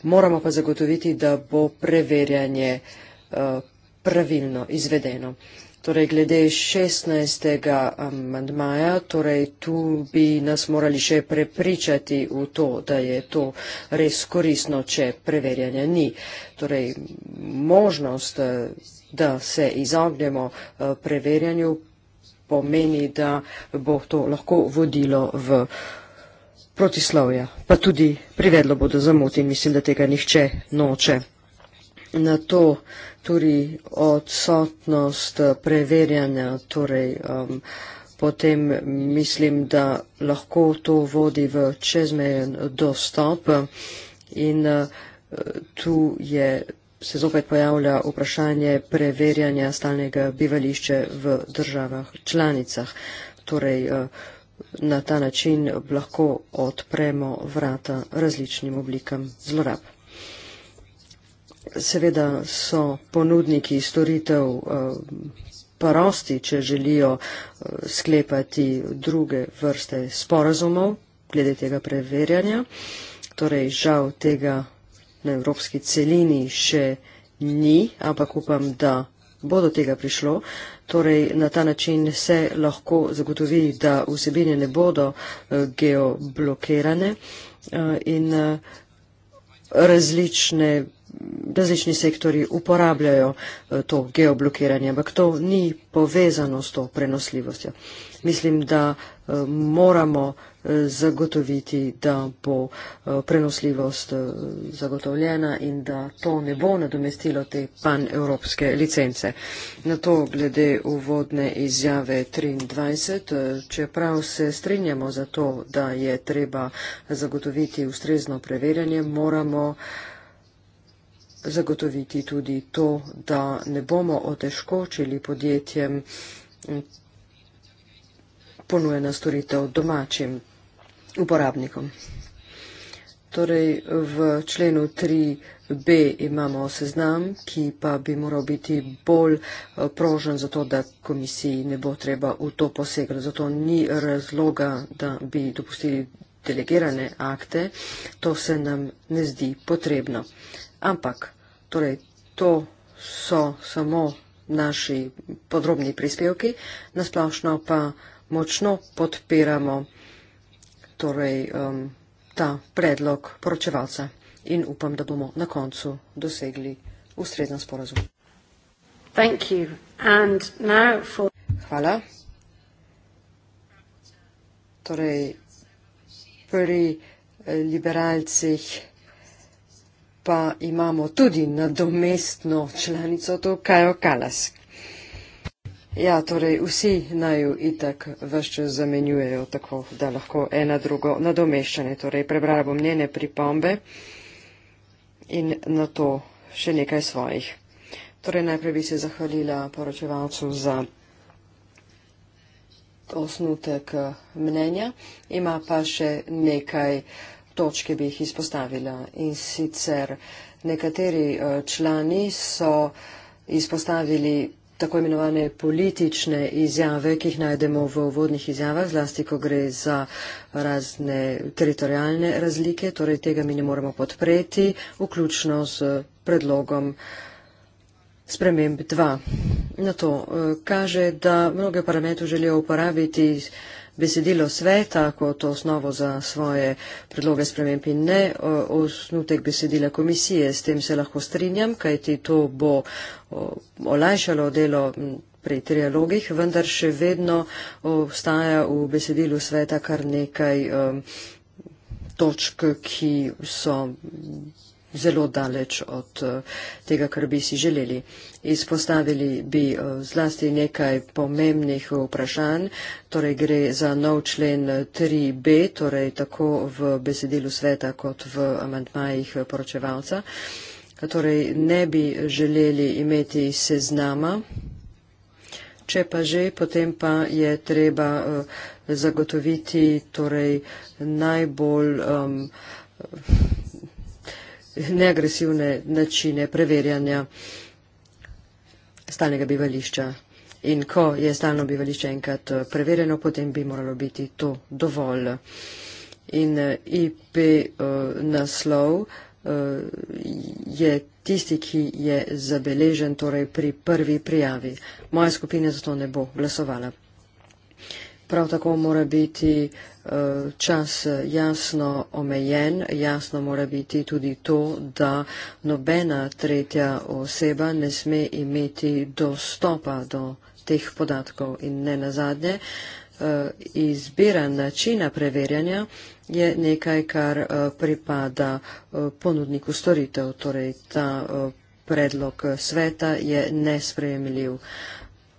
moramo pa zagotoviti, da bo preverjanje pravilno izvedeno. Torej, glede 16. amandmaja, torej tu bi nas morali še prepričati v to, da je to res korisno, če preverjanja ni. Torej, možnost, da se izognemo eh, preverjanju, pomeni, da bo to lahko vodilo v protislovja, pa tudi privedlo bo do zamuti, mislim, da tega nihče noče na to tudi odsotnost preverjanja, torej um, potem mislim, da lahko to vodi v čezmejen dostop in uh, tu je, se zopet pojavlja vprašanje preverjanja stalnega bivališče v državah članicah. Torej, uh, na ta način lahko odpremo vrata različnim oblikam zlorab seveda so ponudniki storitev eh, prosti, če želijo eh, sklepati druge vrste sporazumov glede tega preverjanja. Torej, žal tega na evropski celini še ni, ampak upam, da bo do tega prišlo. Torej, na ta način se lahko zagotovi, da vsebine ne bodo eh, geoblokirane in različne različni sektori uporabljajo eh, to geoblokiranje, ampak to ni povezano s to prenosljivostjo. Mislim, da eh, moramo eh, zagotoviti, da bo prenosljivost zagotovljena in da to ne bo nadomestilo te pan-evropske licence. Na to glede uvodne izjave 23, čeprav se strinjamo za to, da je treba zagotoviti ustrezno preverjanje, moramo uh, zagotoviti tudi to, da ne bomo oteškočili podjetjem ponujena storitev domačim uporabnikom. Torej, v členu 3b imamo seznam, ki pa bi moral biti bolj eh, prožen za to, da komisiji ne bo treba v to posegati. Zato ni razloga, da bi dopustili delegirane akte. To se nam ne zdi potrebno ampak torej, to so samo naši podrobni prispevki, nasplošno pa močno podpiramo torej, um, ta predlog poročevalca in upam, da bomo na koncu dosegli ustrezen sporazum. For... Hvala. Torej, pri eh, liberalcih pa imamo tudi nadomestno članico, to Kajo Kalas. Ja, torej vsi naj jo itak vse zamenjujejo, tako da lahko ena drugo nadomeščanje. Torej, prebrala bom njene pripombe in na to še nekaj svojih. Torej, najprej bi se zahvalila poročevalcu za osnutek mnenja. Ima pa še nekaj uh, točke bi jih izpostavila. In sicer nekateri eh, člani so izpostavili tako imenovane politične izjave, ki jih najdemo v uvodnih izjavah, zlasti, ko gre za razne teritorijalne razlike, torej tega mi ne moremo podpreti, vključno z predlogom sprememb 2. Na to eh, kaže, da mnoge parlamentu želijo uporabiti besedilo sveta kot osnovo za svoje predloge sprememb in ne osnutek besedila komisije. S tem se lahko strinjam, kajti to bo olajšalo delo pri trialogih, vendar še vedno obstaja v besedilu sveta kar nekaj točk, ki so zelo daleč od eh, tega, kar bi si želeli. Izpostavili bi eh, zlasti nekaj pomembnih vprašanj, torej gre za nov člen 3b, eh, torej tako v besedilu sveta kot v amantmajih poročevalca. Torej ne bi želeli imeti seznama, če pa že, potem pa je treba zagotoviti torej najbolj um, neagresivne načine preverjanja stalnega bivališča. In ko je stalno bivališče enkrat eh, preverjeno, potem bi moralo biti to dovolj. In eh, IP eh, naslov je tisti, ki je zabeležen torej pri prvi prijavi. Moja skupina zato ne bo glasovala prav tako mora biti eh, čas jasno omejen, jasno mora biti tudi to, da nobena tretja oseba ne sme imeti dostopa do teh podatkov in ne nazadnje. Eh, izbira načina preverjanja je nekaj, kar eh, pripada ponudniku storitev, torej ta predlog sveta je nespremljiv.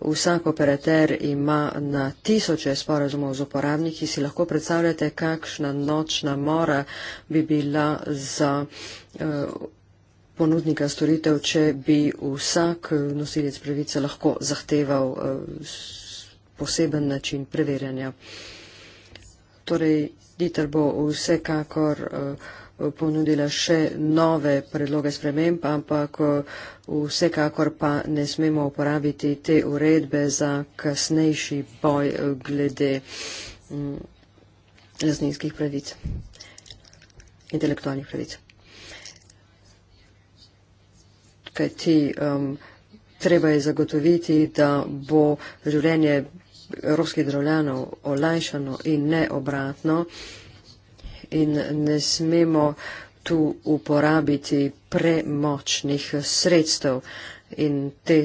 Vsak operater ima na tisoče sporazumov z uporabniki. Si lahko predstavljate, kakšna nočna mora bi bila za eh, ponudnika storitev, če bi vsak nosilec pravice lahko zahteval eh, poseben način preverjanja. Torej, Dieter bo vsekakor uh, ponudila še nove predloge sprememb, ampak eh, vsekakor pa ne smemo uporabiti te uredbe za kasnejši boj eh, glede mm, lasninskih pravic, intelektualnih pravic. Kaj ti um, treba je zagotoviti, da bo življenje evropskih državljanov olajšano in neobratno. obratno in ne smemo tu uporabiti premočnih sredstev in te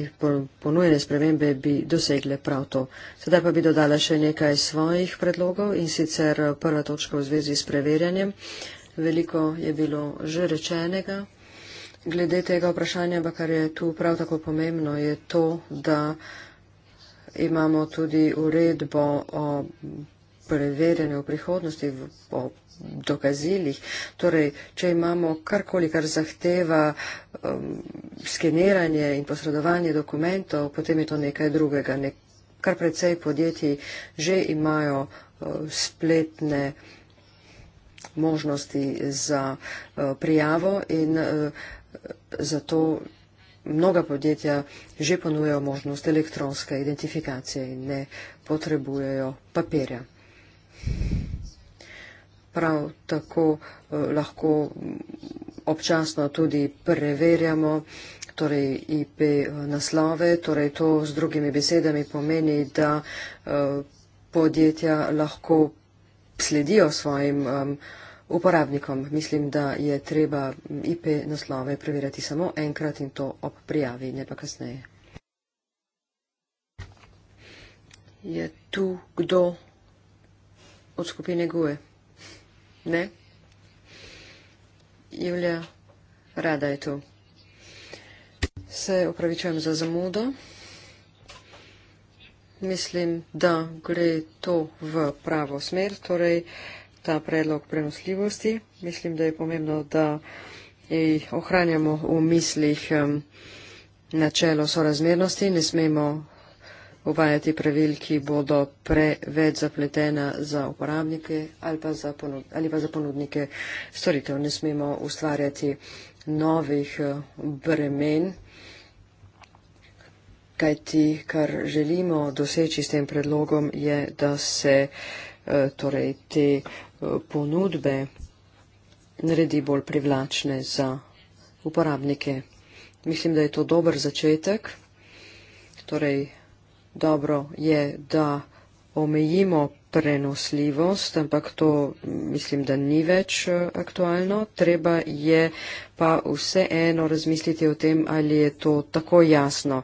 ponujene spremembe bi dosegle prav to. Sedaj pa bi dodala še nekaj svojih predlogov in sicer prva točka v zvezi s preverjanjem. Veliko je bilo že rečenega. Glede tega vprašanja, pa kar je tu prav tako pomembno, je to, da imamo tudi uredbo o preverjanju v prihodnosti, o dokazilih. Torej, če imamo karkoli, kar zahteva um, skeniranje in posredovanje dokumentov, potem je to nekaj drugega. Nek kar precej podjetij že imajo uh, spletne možnosti za uh, prijavo in uh, zato. Mnoga podjetja že ponujajo možnost elektronske identifikacije in ne potrebujejo papirja prav tako eh, lahko občasno tudi preverjamo torej IP eh, naslove, torej to z drugimi besedami pomeni, da eh, podjetja lahko sledijo svojim uporabnikom. Mislim, da je treba mm, IP naslove preverjati samo enkrat in to ob prijavi, ne pa kasneje. Je tu kdo od skupine GUE? Ne? Julija, rada je tu. Se upravičujem za zamudo. Mislim, da gre to v pravo smer, torej ta predlog prenosljivosti. Mislim, da je pomembno, da ohranjamo v mislih um, načelo sorazmernosti, ne smemo uvajati pravil, ki bodo preveč zapletena za uporabnike ali pa za, ponud, ali pa za ponudnike storitev. Ne smemo ustvarjati novih eh, bremen, kajti kar želimo doseči s tem predlogom je, da se eh, torej, te eh, ponudbe naredi bolj privlačne za uporabnike. Mislim, da je to dober začetek. Torej, dobro je, da omejimo prenosljivost, ampak to mislim, da ni več eh, aktualno. Treba je pa vseeno razmisliti o tem, ali je to tako jasno,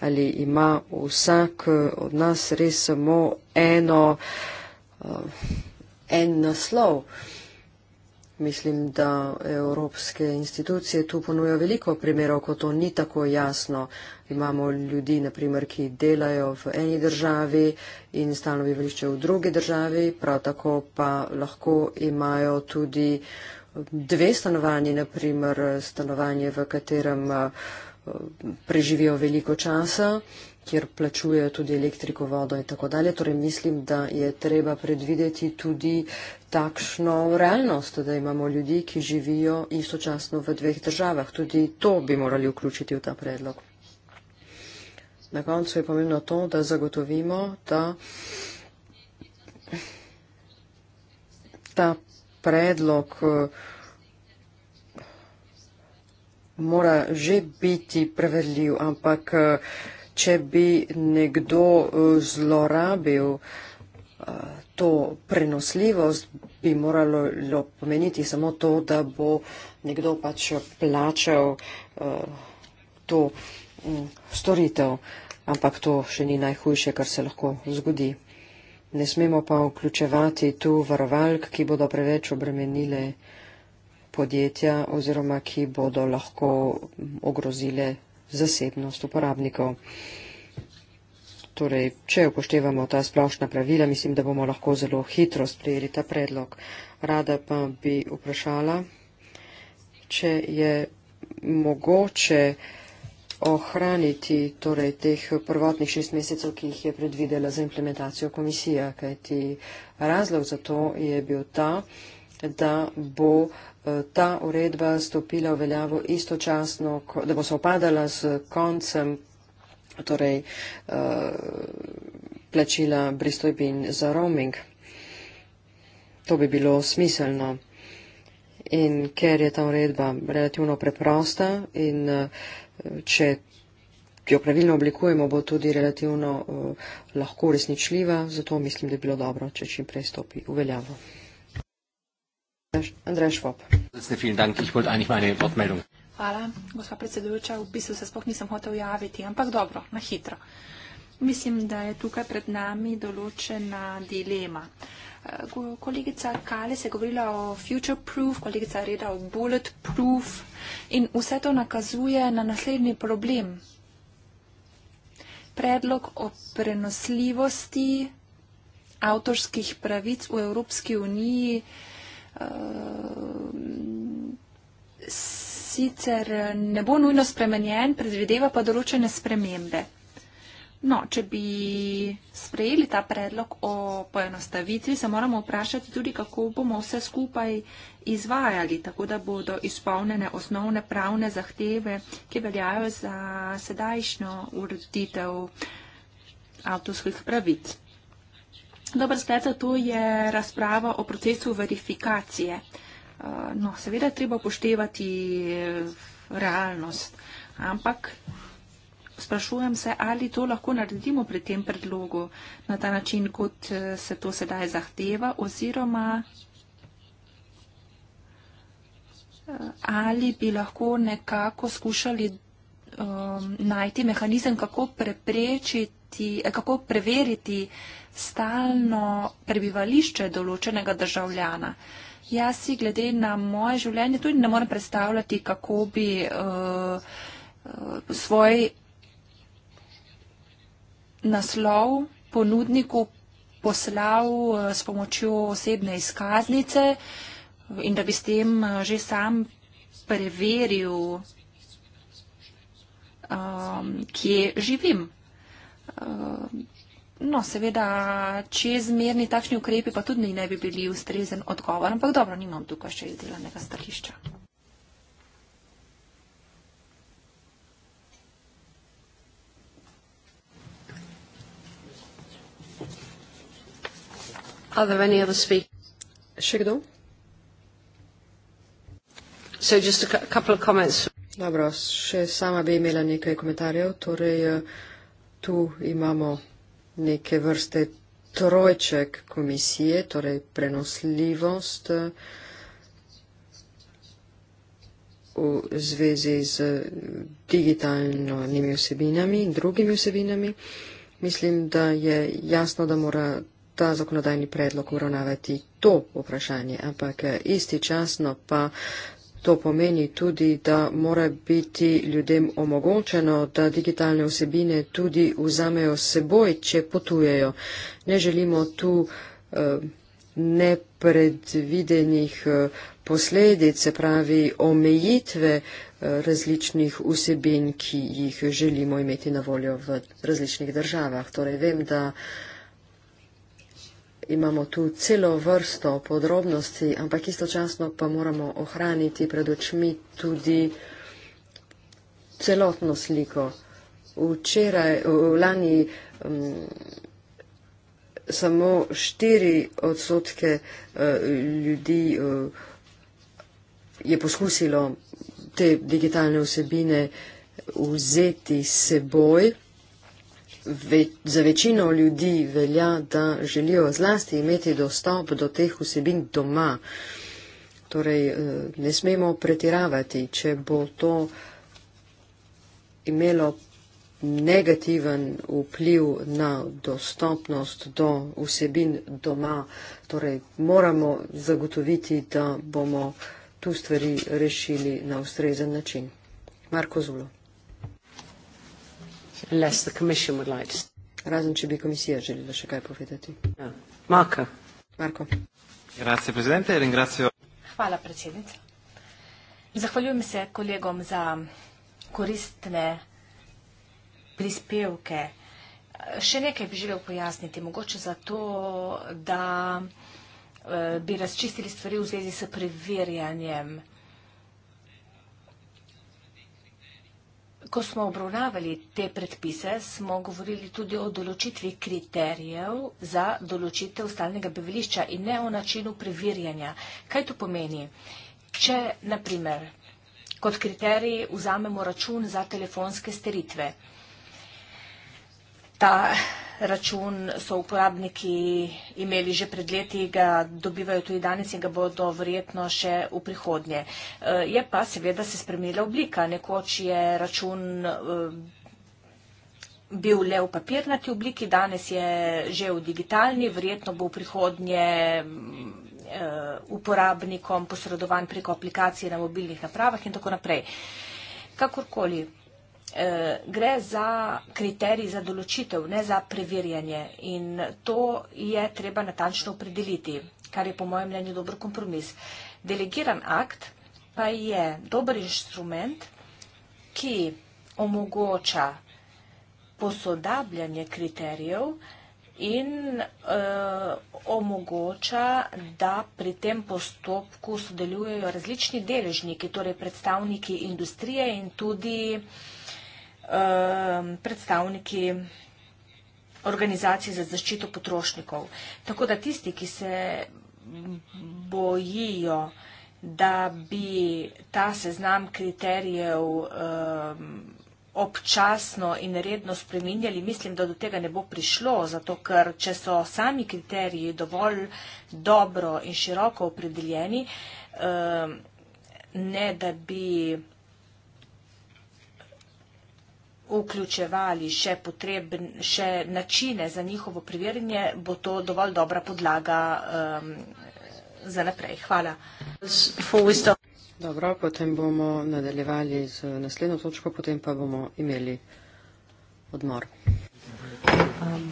ali ima vsak eh, od nas res samo eno, eh, en naslov. Mislim, da evropske institucije tu ponujo veliko primerov, ko to ni tako jasno. Imamo ljudi, naprimer, ki delajo v eni državi in stalno bivališče v drugi državi, prav tako pa lahko imajo tudi dve stanovanje, naprimer stanovanje, v katerem eh, preživijo veliko časa, kjer plačujejo tudi elektriko, vodo in tako dalje. Torej mislim, da je treba predvideti tudi takšno realnost, da imamo ljudi, ki živijo istočasno v dveh državah. Tudi to bi morali vključiti v ta predlog. Na koncu je pomembno to, da zagotovimo, da ta predlog eh, mora že biti preverljiv, ampak eh, če bi nekdo eh, zlorabil to prenosljivost bi moralo lo, pomeniti samo to, da bo nekdo pač plačal uh, to um, storitev. Ampak to še ni najhujše, kar se lahko zgodi. Ne smemo pa vključevati tu varovalk, ki bodo preveč obremenile podjetja oziroma ki bodo lahko mm, ogrozile zasebnost uporabnikov. Uh, Torej, če upoštevamo ta splošna pravila, mislim, da bomo lahko zelo hitro sprejeli ta predlog. Rada pa bi vprašala, če je mogoče ohraniti torej, teh prvotnih šest mesecev, ki jih je predvidela za implementacijo komisija, kajti razlog za to je bil ta, da bo eh, ta uredba stopila v veljavo istočasno, da bo se opadala z koncem torej eh, plačila pristojbin za roaming. To bi bilo smiselno. In ker je ta uredba relativno preprosta in eh, če jo pravilno oblikujemo, bo tudi relativno eh, lahko resničljiva, zato mislim, da bi bilo dobro, če čim prej stopi v veljavo. Andrej Švob. Hvala, da ste mi dali besedo. Hvala, gospa predsedujoča. V bistvu se spoh nisem hotel javiti, ampak dobro, na hitro. Mislim, da je tukaj pred nami določena dilema. Kolegica Kale se je govorila o future proof, kolegica Reda o bullet proof in vse to nakazuje na naslednji problem. Predlog o prenosljivosti avtorskih pravic v Evropski uniji uh, sicer eh, ne bo nujno spremenjen, predvideva pa določene spremembe. No, če bi sprejeli ta predlog o poenostavitvi, se moramo vprašati tudi, kako bomo vse skupaj izvajali, tako da bodo izpolnjene osnovne pravne zahteve, ki veljajo za sedajšnjo ureditev avtorskih pravic. Dobro, sledeča to je razprava o procesu verifikacije. Eh, no, seveda je treba poštevati eh, realnost, ampak sprašujem se, ali to lahko naredimo pri tem predlogu na ta način, kot eh, se to sedaj zahteva, oziroma ali bi lahko nekako skušali um, najti mehanizem, kako preprečiti kako preveriti stalno prebivališče določenega državljana. Uh, Jaz si glede na moje življenje tudi ne morem predstavljati, kako bi uh, uh, svoj naslov ponudniku poslal uh, s pomočjo osebne izkaznice in da bi s tem že sam preveril, um, kje živim. Uh, No, seveda, čezmerni takšni ukrepi pa tudi ne bi bili ustrezen odgovor, ampak dobro, nimam tukaj še izdelanega stališča. Še kdo? So just a couple of comments. Dobro, še sama bi imela nekaj komentarjev. Torej, eh, tu imamo neke vrste trojček komisije, torej prenosljivost eh, v zvezi z digitalnimi vsebinami in drugimi vsebinami. Mislim, da je jasno, da mora ta zakonodajni predlog uravnavati to vprašanje, ampak eh, ističasno pa To pomeni tudi, da mora biti ljudem omogočeno, da digitalne vsebine tudi vzamejo s seboj, če potujejo. Ne želimo tu eh, nepredvidenih eh, posledic, se pravi omejitve eh, različnih vsebin, ki jih želimo imeti na voljo v različnih državah. Torej, vem, da uh, imamo tu celo vrsto podrobnosti, ampak istočasno pa moramo ohraniti pred očmi tudi celotno sliko. Včeraj, v lani um, samo štiri odstotke uh, ljudi uh, je poskusilo te digitalne vsebine vzeti seboj ve, za večino ljudi velja, da želijo zlasti imeti dostop do teh vsebin doma. Torej, eh, ne smemo pretiravati, če bo to imelo negativen vpliv na dostopnost do vsebin doma. Torej, moramo zagotoviti, da bomo tu stvari rešili na ustrezen način. Marko Zulo unless the Commission would like to. Razen, če bi komisija želela še kaj povedati. Ja. Marko. Marko. E Hvala, predsednica. Zahvaljujem se kolegom za koristne prispevke. Še nekaj bi želel pojasniti, mogoče zato, da eh, bi razčistili stvari v zvezi s preverjanjem. Ko smo obravnavali te predpise, smo govorili tudi o določitvi kriterijev za določitev stalnega bivališča in ne o načinu preverjanja. Kaj to pomeni? Če, naprimer, kot kriterij vzamemo račun za telefonske steritve, ta račun so uporabniki imeli že pred leti, ga dobivajo tudi danes in ga bodo verjetno še v prihodnje. Eh, je pa seveda se spremenila oblika. Nekoč je račun eh, bil le v papirnati obliki, danes je že v digitalni, verjetno bo v prihodnje eh, uporabnikom posredovan preko aplikacije na mobilnih napravah in tako naprej. Kakorkoli, Eh, gre za kriterij za določitev, ne za preverjanje. In to je treba natančno opredeliti, kar je po mojem mnenju dober kompromis. Delegiran akt pa je dober inštrument, ki omogoča posodabljanje kriterijev in uh, omogoča, da pri tem postopku sodelujejo različni deležniki, torej predstavniki industrije in tudi uh, Um, predstavniki organizacij za zaščito potrošnikov. Tako da tisti, ki se bojijo, da bi ta seznam kriterijev um, občasno in redno spreminjali, mislim, da do tega ne bo prišlo, zato ker če so sami kriteriji dovolj dobro in široko opredeljeni, um, ne da bi vključevali še, potreben, še načine za njihovo preverjanje, bo to dovolj dobra podlaga um, za naprej. Hvala. Dobro, potem bomo nadaljevali z naslednjo točko, potem pa bomo imeli odmor. Um.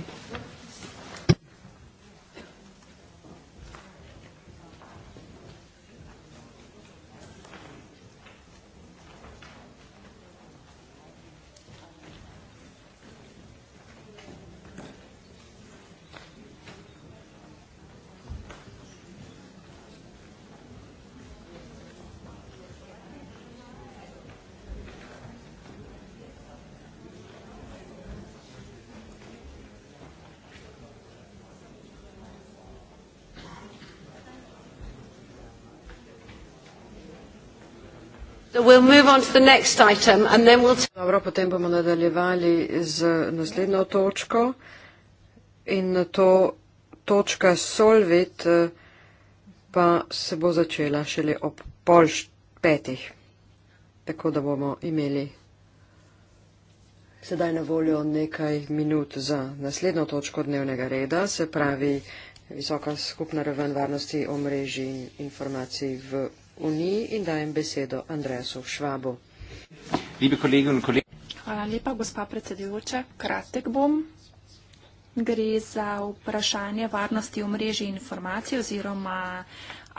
Dobro, potem bomo nadaljevali z naslednjo točko in na to točka Solvit eh, pa se bo začela šele ob pol petih, tako da bomo imeli sedaj na voljo nekaj minut za naslednjo točko dnevnega reda, se pravi visoka skupna raven varnosti omrežij informacij v uniji in dajem besedo Andresu Švabu. Hvala lepa, gospa predsedujoča. Kratek bom. Gre za vprašanje varnosti v mreži informacij oziroma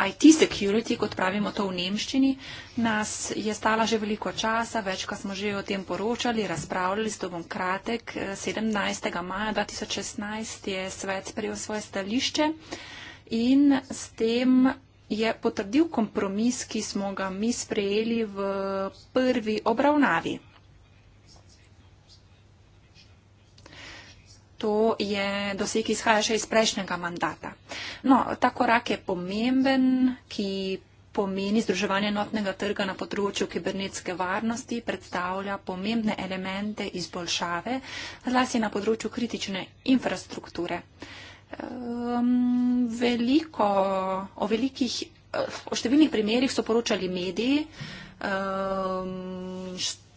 IT security, kot pravimo to v nemščini. Nas je stala že veliko časa, večkrat smo že o tem poročali, razpravljali s tobom kratek. 17. maja 2016 je svet sprejel svoje stališče in s tem je potrdil kompromis, ki smo ga mi sprejeli v prvi obravnavi. To je doseg, ki izhaja še iz prejšnjega mandata. No, ta korak je pomemben, ki pomeni združevanje notnega trga na področju kibernetske varnosti, predstavlja pomembne elemente izboljšave, zlasti na področju kritične infrastrukture. Uh, Um, veliko, o, velikih, o številnih primerjih so poročali mediji. Um,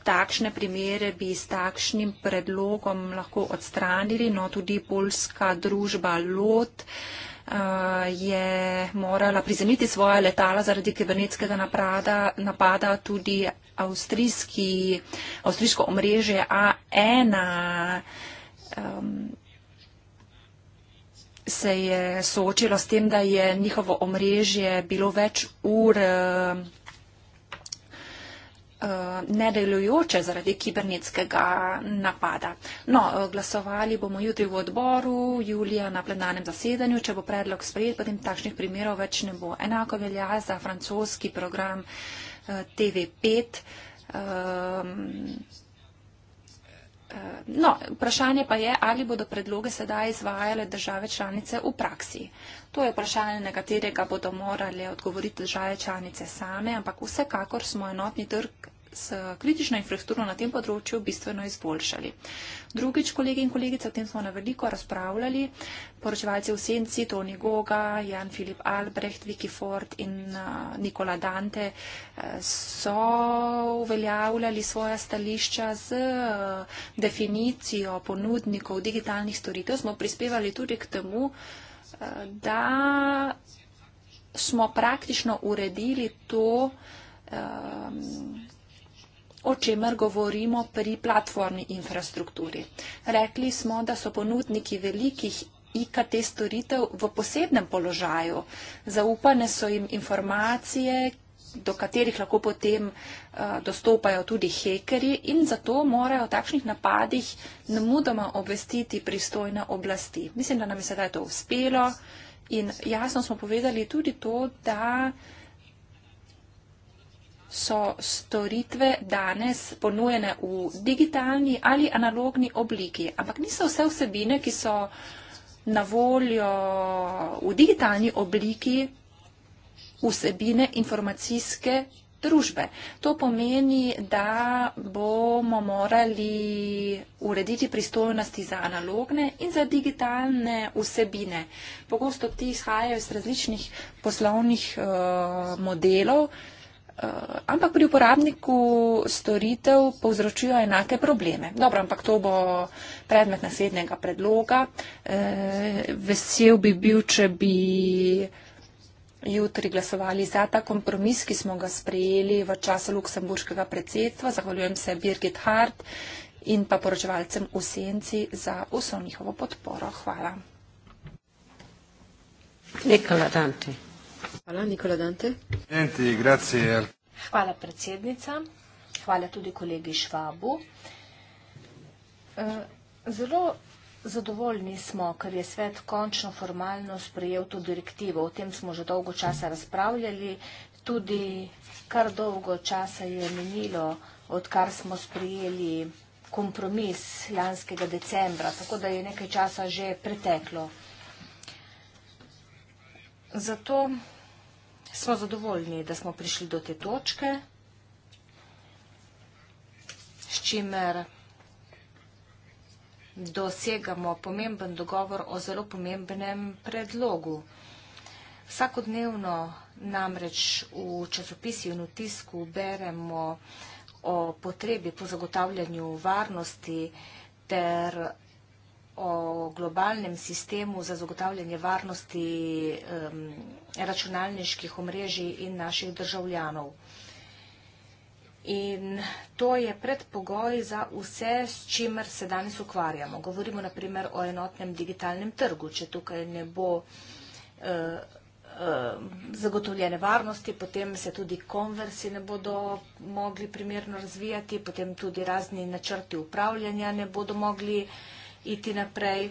takšne primere bi s takšnim predlogom lahko odstranili. No, tudi polska družba LOT uh, je morala prizemiti svoje letala zaradi kibernetskega naprada, napada. Tudi avstrijsko omrežje A1. Um, se je soočilo s tem, da je njihovo omrežje bilo več ur eh, eh, nedelujoče zaradi kibernetskega napada. No, eh, glasovali bomo jutri v odboru, julija na plenarnem zasedanju, če bo predlog sprejet, potem takšnih primerov več ne bo. Enako velja za francoski program TV5. Um, No, vprašanje pa je, ali bodo predloge sedaj izvajale države članice v praksi. To je vprašanje, na katerega bodo morali odgovoriti države članice same, ampak vsekakor smo enotni trg s kritično infrastrukturo na tem področju bistveno izboljšali. Drugič, kolegi in kolegice, o tem smo na veliko razpravljali. Poročevalci v senci, Toni Goga, Jan Filip Albrecht, Vicky Ford in Nikola Dante e, so uveljavljali svoja stališča z e, definicijo ponudnikov digitalnih storitev. Smo prispevali tudi k temu, e, da smo praktično uredili to, um, o čemer govorimo pri platformi infrastrukturi. Rekli smo, da so ponudniki velikih IKT storitev v posebnem položaju. Zaupane so jim informacije, do katerih lahko potem eh, dostopajo tudi hekerji in zato morajo o takšnih napadih namudoma obvestiti pristojne oblasti. Mislim, da nam je sedaj to uspelo in jasno smo povedali tudi to, da so storitve danes ponujene v digitalni ali analogni obliki, ampak niso vse vsebine, ki so na voljo v digitalni obliki vsebine informacijske družbe. To pomeni, da bomo morali urediti pristojnosti za analogne in za digitalne vsebine. Pogosto ti izhajajo iz različnih poslovnih uh, modelov. Eh, ampak pri uporabniku storitev povzročijo enake probleme. Dobro, ampak to bo predmet naslednjega predloga. Uh, vesel bi bil, če bi jutri glasovali za ta kompromis, ki smo ga sprejeli v času luksemburškega predsedstva. Zahvaljujem se Birgit Hart in pa poročevalcem v Senci za vso njihovo podporo. Hvala. Nikola Dante. Hvala, Nikola Dante. Enti, grazie. Hvala, predsednica. Hvala tudi kolegi Švabu. Eh, zelo zadovoljni smo, ker je svet končno formalno sprejel to direktivo. O tem smo že dolgo časa razpravljali. Tudi kar dolgo časa je menilo, odkar smo sprejeli kompromis lanskega decembra, tako da je nekaj časa že preteklo. Zato smo zadovoljni, da smo prišli do te točke, s čimer dosegamo pomemben dogovor o zelo pomembnem predlogu. Vsakodnevno namreč v časopisi in v tisku beremo o potrebi po zagotavljanju varnosti ter o globalnem sistemu za zagotavljanje varnosti um, računalniških omrežij in naših državljanov. In to je predpogoj za vse, s čimer se danes ukvarjamo. Govorimo naprimer o enotnem digitalnem trgu. Če tukaj ne bo uh, uh, zagotovljene varnosti, potem se tudi konversi ne bodo mogli primerno razvijati, potem tudi razni načrti upravljanja ne bodo mogli uh, iti naprej.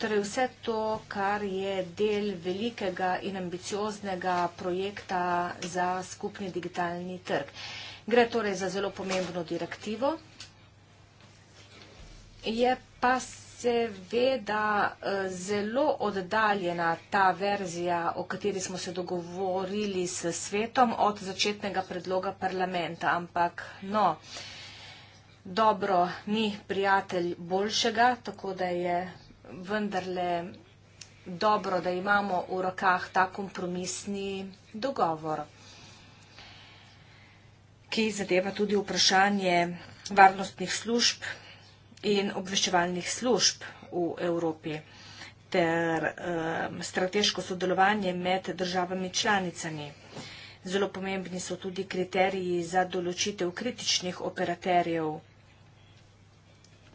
Torej vse to, kar je del velikega in ambicioznega projekta za skupni digitalni trg. Gre torej za zelo pomembno direktivo. Je pa seveda eh, zelo oddaljena ta verzija, o kateri smo se dogovorili s svetom od začetnega predloga parlamenta. Ampak no, dobro ni prijatelj boljšega, tako da je vendarle dobro, da imamo v rokah ta kompromisni dogovor, ki zadeva tudi vprašanje varnostnih služb in obveščevalnih služb v Evropi ter um, strateško sodelovanje med državami članicami. Zelo pomembni so tudi kriteriji za določitev kritičnih operaterjev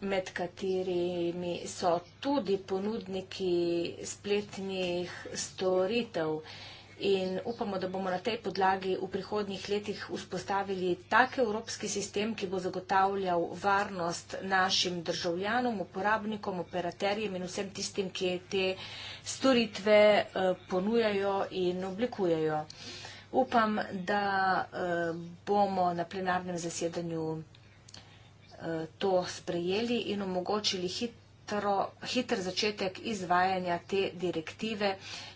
med katerimi so tudi ponudniki spletnih storitev. In upamo, da bomo na tej podlagi v prihodnjih letih vzpostavili tak evropski sistem, ki bo zagotavljal varnost našim državljanom, uporabnikom, operaterjem in vsem tistim, ki te storitve eh, ponujajo in oblikujejo. Upam, da eh, bomo na plenarnem zasedanju Eh, to sprejeli in omogočili hitro, hiter začetek izvajanja te direktive,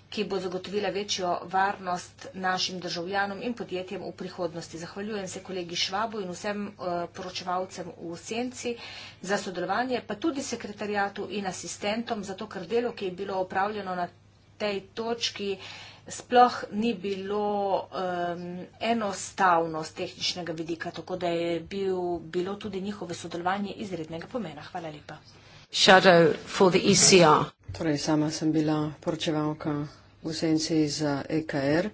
ki bo zagotovila večjo varnost našim državljanom in podjetjem v prihodnosti. Zahvaljujem se kolegi Švabu in vsem eh, poročevalcem v Senci za sodelovanje, pa tudi sekretarjatu in asistentom, zato ker delo, ki je bilo upravljeno na tej točki, sploh ni bilo um, enostavno z tehničnega vidika, tako da je bil, bilo tudi njihovo sodelovanje izrednega pomena. Hvala lepa. E torej, sama sem bila poročevalka v senci za EKR.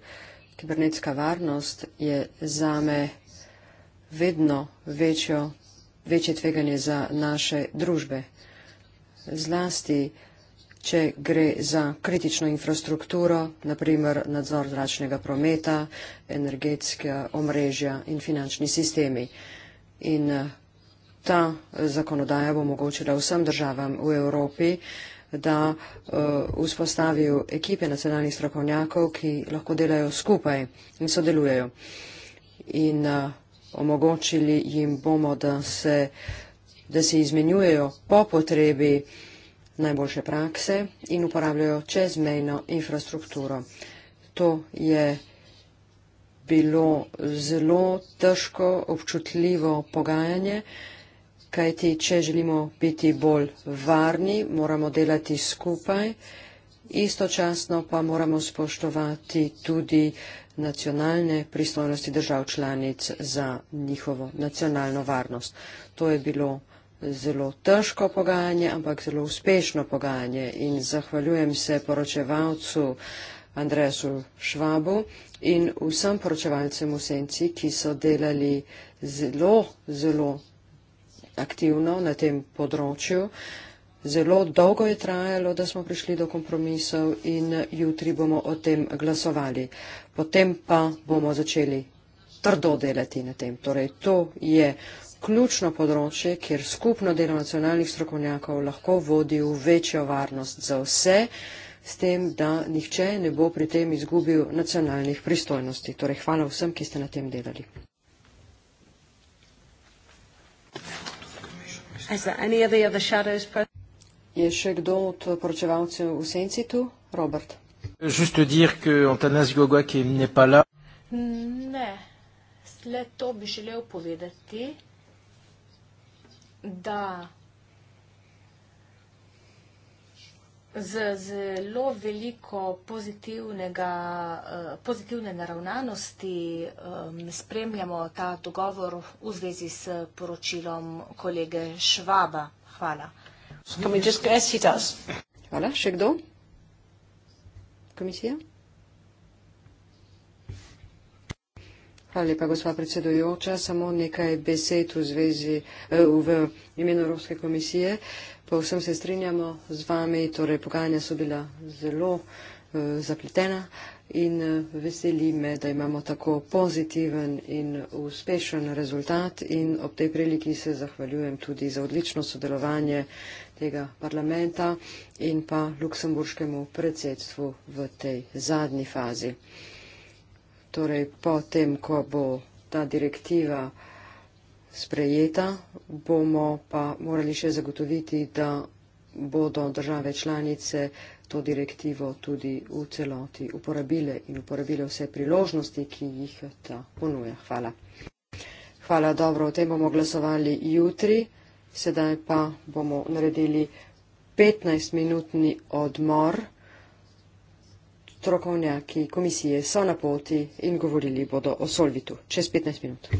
Kibernetska varnost je za me vedno večjo, večje tveganje za naše družbe. Zlasti če gre za kritično infrastrukturo, naprimer nadzor zračnega prometa, energetske omrežja in finančni sistemi. In eh, ta eh, zakonodaja bo omogočila vsem državam v Evropi, da eh, vzpostavijo ekipe nacionalnih strokovnjakov, ki lahko delajo skupaj in sodelujejo. In omogočili jim bomo, da se, da se izmenjujejo po potrebi najboljše prakse in uporabljajo čezmejno infrastrukturo. To je bilo zelo težko, občutljivo pogajanje, kajti če želimo biti bolj varni, moramo delati skupaj, istočasno pa moramo spoštovati tudi nacionalne pristojnosti držav članic za njihovo nacionalno varnost. To je bilo zelo težko pogajanje, ampak zelo uspešno pogajanje. In zahvaljujem se poročevalcu Andresu Švabu in vsem poročevalcem v Senci, ki so delali zelo, zelo aktivno na tem področju. Zelo dolgo je trajalo, da smo prišli do kompromisov in jutri bomo o tem glasovali. Potem pa bomo začeli trdo delati na tem. Torej, to je ključno področje, kjer skupno delo nacionalnih strokovnjakov lahko vodi v večjo varnost za vse, s tem, da nihče ne bo pri tem izgubil nacionalnih pristojnosti. Torej, hvala vsem, ki ste na tem delali. Je še kdo od poročevalcev v senci tu? Robert. Juste dire que Antanas Gogoa, ki ne pa la. Ne, le to bi želel povedati da z zelo veliko pozitivnega, eh, pozitivne naravnanosti spremljamo ta dogovor v zvezi s poročilom kolege Švaba. Hvala. Hvala. Še kdo? Komisija? Hvala lepa, gospa predsedujoča. Samo nekaj besed v zvezi eh, v imenu Evropske komisije. Povsem se strinjamo z vami, torej pogajanja so bila zelo eh, zapletena in eh, veseli me, da imamo tako pozitiven in uspešen rezultat in ob tej priliki se zahvaljujem tudi za odlično sodelovanje tega parlamenta in pa luksemburškemu predsedstvu v tej zadnji fazi torej potem, ko bo ta direktiva sprejeta, bomo pa morali še zagotoviti, da bodo države članice to direktivo tudi v celoti uporabile in uporabile vse priložnosti, ki jih ta ponuja. Hvala. Hvala, dobro, o tem bomo glasovali jutri, sedaj pa bomo naredili 15-minutni odmor strokovnjaki komisije so na poti in govorili bodo o Solvitu čez 15 minut.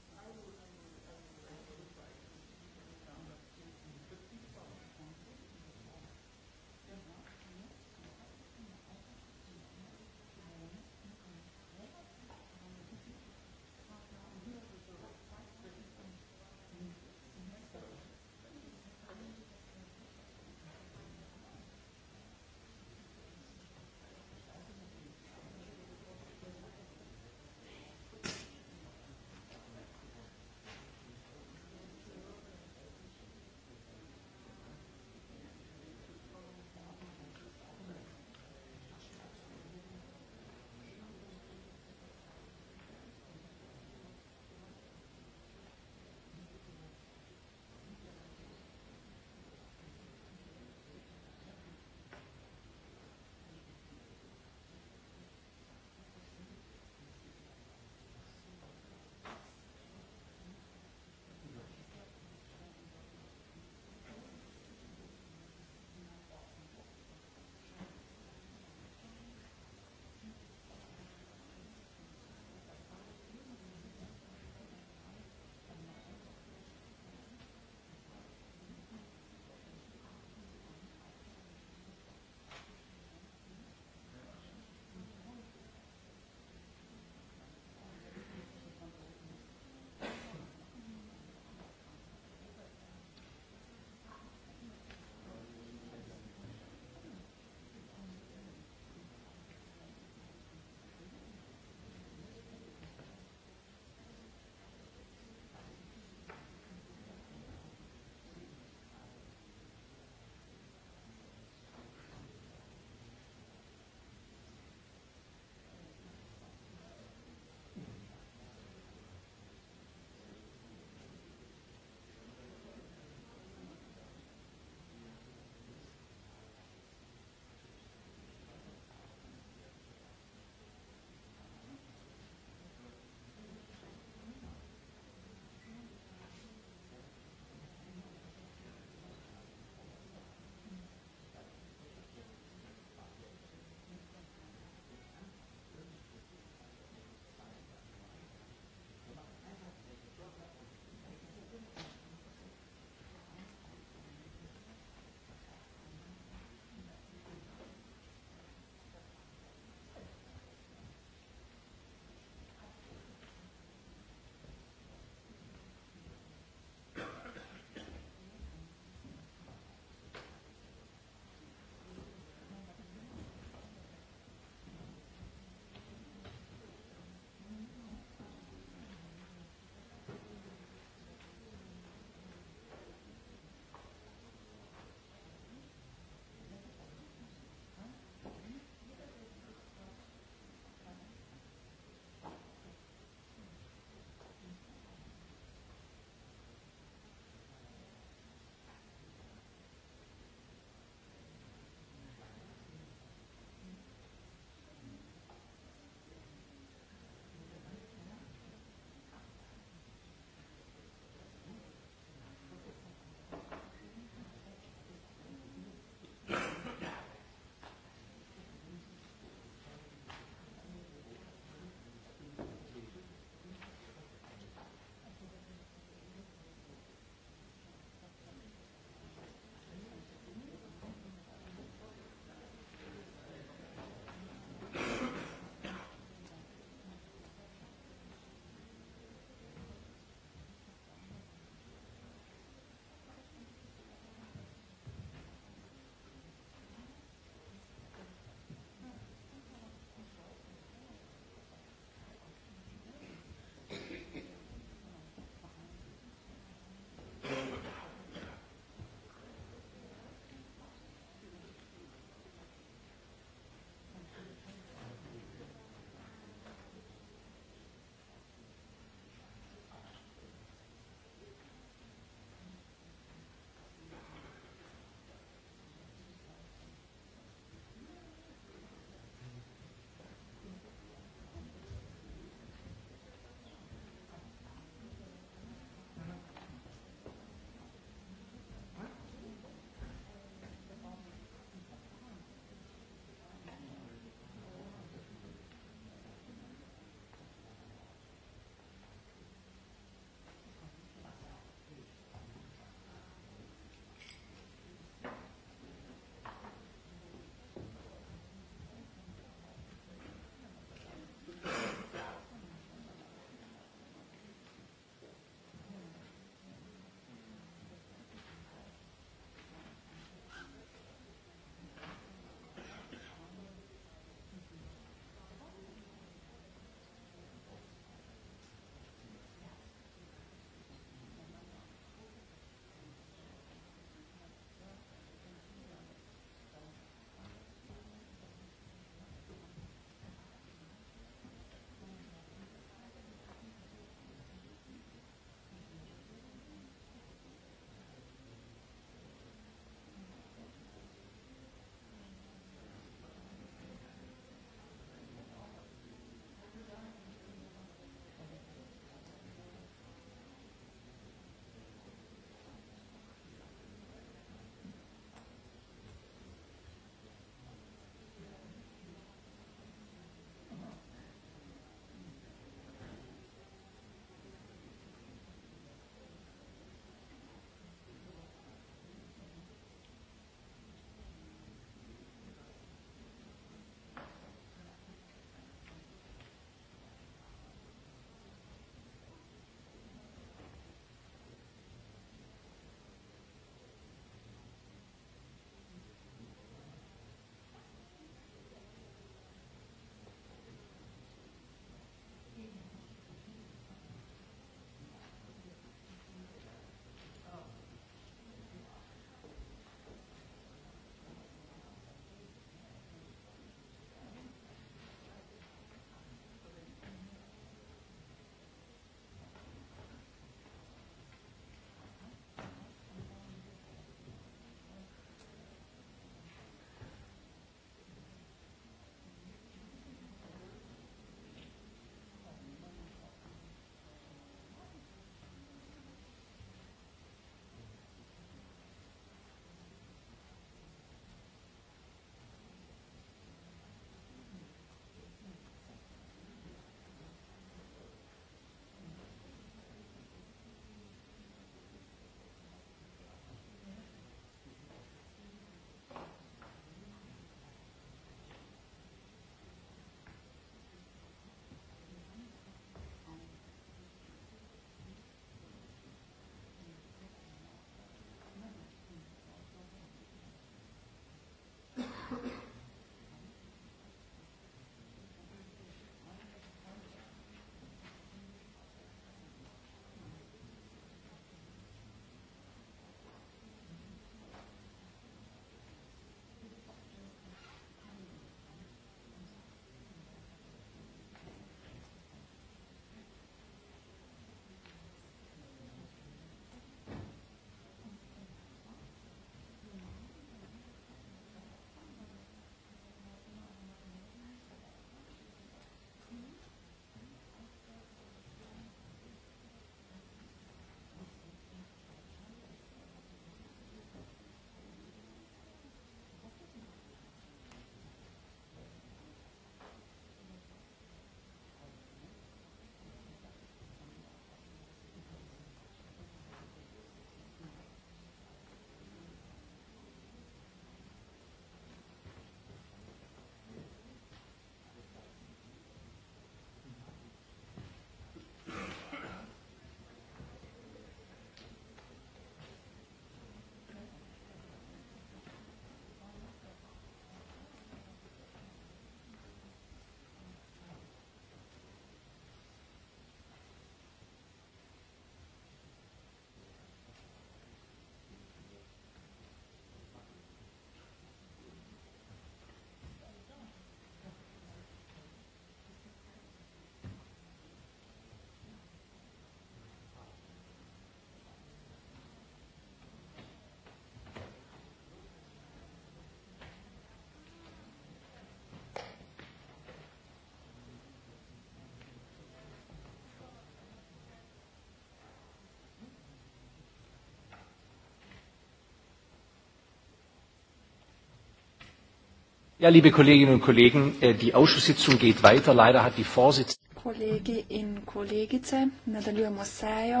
Ja, liebe Kolleginnen und Kollegen, äh, die Ausschusssitzung geht weiter. Leider hat die Vorsitzende. Kollegi in Kollegice, nadaljujemo sejo.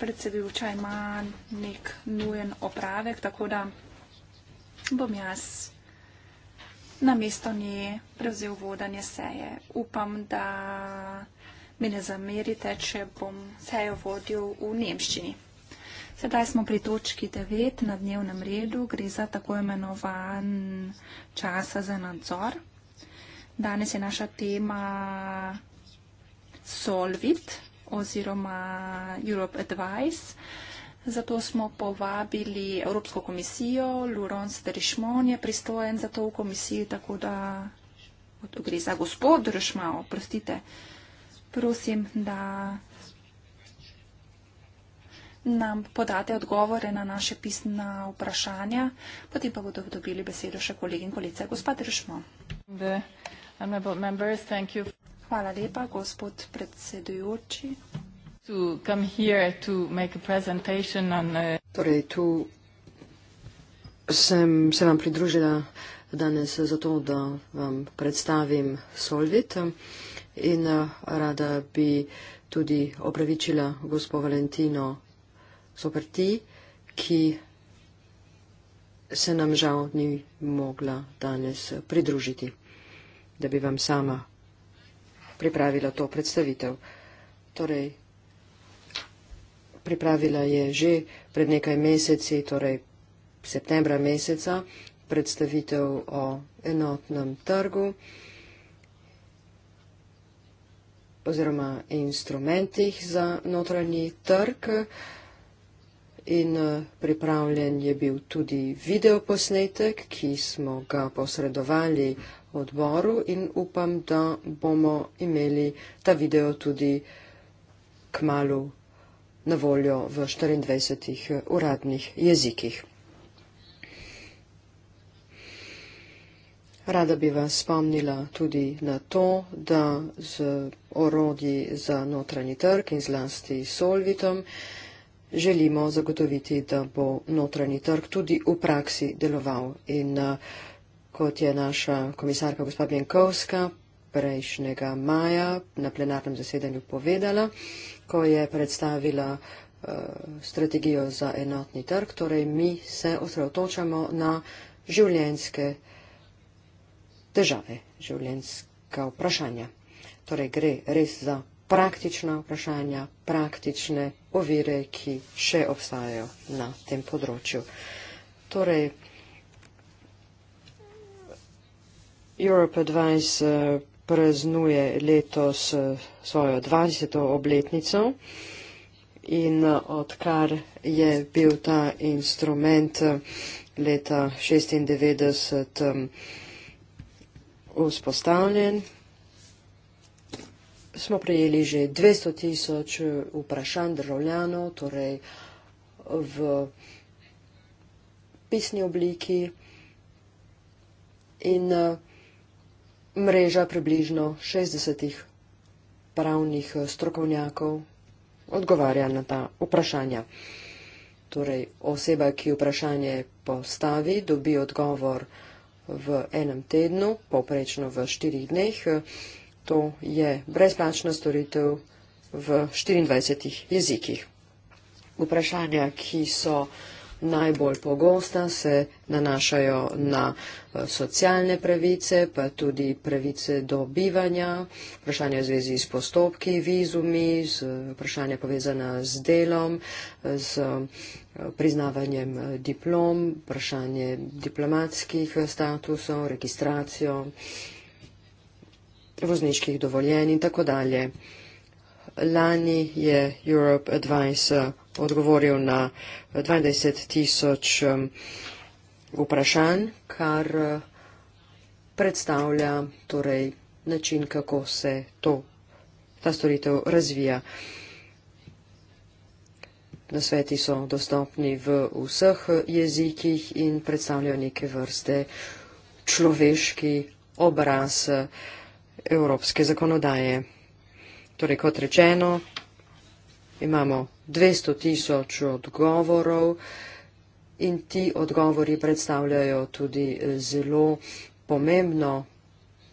Predsedujoča ima nek nujen opravek, tako da bom jaz na mesto nje prevzel vodanje seje. Upam, da mi ne zamerite, če bom sejo vodil v Nemščini. Sedaj smo pri točki 9 na dnevnem redu, gre za tako imenovan čas za nadzor. Danes je naša tema Solvit oziroma Europe Advice. Zato smo povabili Evropsko komisijo, Luron Sterišmon je pristojen za to v komisiji, tako da gre za gospod Rešmao, prostite, prosim, da nam podate odgovore na naše pisna vprašanja, potem pa bodo dobili besedo še kolegi in kolice. Gospa Držmo. Hvala lepa, gospod predsedujoči. Uh, torej, tu sem se vam pridružila danes zato, da vam predstavim Solvit in uh, rada bi tudi opravičila gospo Valentino so ti, ki se nam žal ni mogla danes pridružiti, da bi vam sama pripravila to predstavitev. Torej, pripravila je že pred nekaj meseci, torej septembra meseca, predstavitev o enotnem trgu oziroma instrumentih za notranji trg. Uh, in eh, pripravljen je bil tudi videoposnetek, ki smo ga posredovali odboru in upam, da bomo imeli ta video tudi k malu na voljo v 24 eh, uradnih jezikih. Rada bi vas spomnila tudi na to, da z orodji za notranji trg in zlasti s Solvitom želimo zagotoviti, da bo notranji trg tudi v praksi deloval. In eh, kot je naša komisarka gospa Bjenkovska prejšnjega maja na plenarnem zasedanju povedala, ko je predstavila eh, strategijo za enotni trg, torej mi se osredotočamo na življenske težave, življenska vprašanja. Torej gre res za praktična vprašanja, praktične ovire, ki še obstajajo na tem področju. Torej, Europe Advice eh, praznuje letos eh, svojo 20. obletnico in eh, odkar je bil ta instrument leta 1996 vzpostavljen, smo prejeli že 200 tisoč eh, vprašanj državljanov, torej v pisni obliki in eh, mreža približno 60 pravnih eh, strokovnjakov odgovarja na ta vprašanja. Torej, oseba, ki vprašanje postavi, dobi odgovor v enem tednu, poprečno v štirih dneh to je brezplačna storitev v 24 jezikih. Vprašanja, ki so najbolj pogosta, se nanašajo na eh, socialne pravice, pa tudi pravice do bivanja, vprašanja v zvezi s postopki, vizumi, z vprašanja povezana z delom, z eh, priznavanjem eh, diplom, vprašanje diplomatskih statusov, registracijo vozniških dovoljenj in tako dalje. Lani je Europe Advice odgovoril na 20 tisoč um, vprašanj, kar uh, predstavlja torej način, kako se to, ta storitev razvija. Nasveti so dostopni v vseh jezikih in predstavljajo neke vrste človeški obraz evropske zakonodaje. Torej, kot rečeno, imamo 200 tisoč odgovorov in ti odgovori predstavljajo tudi eh, zelo pomembno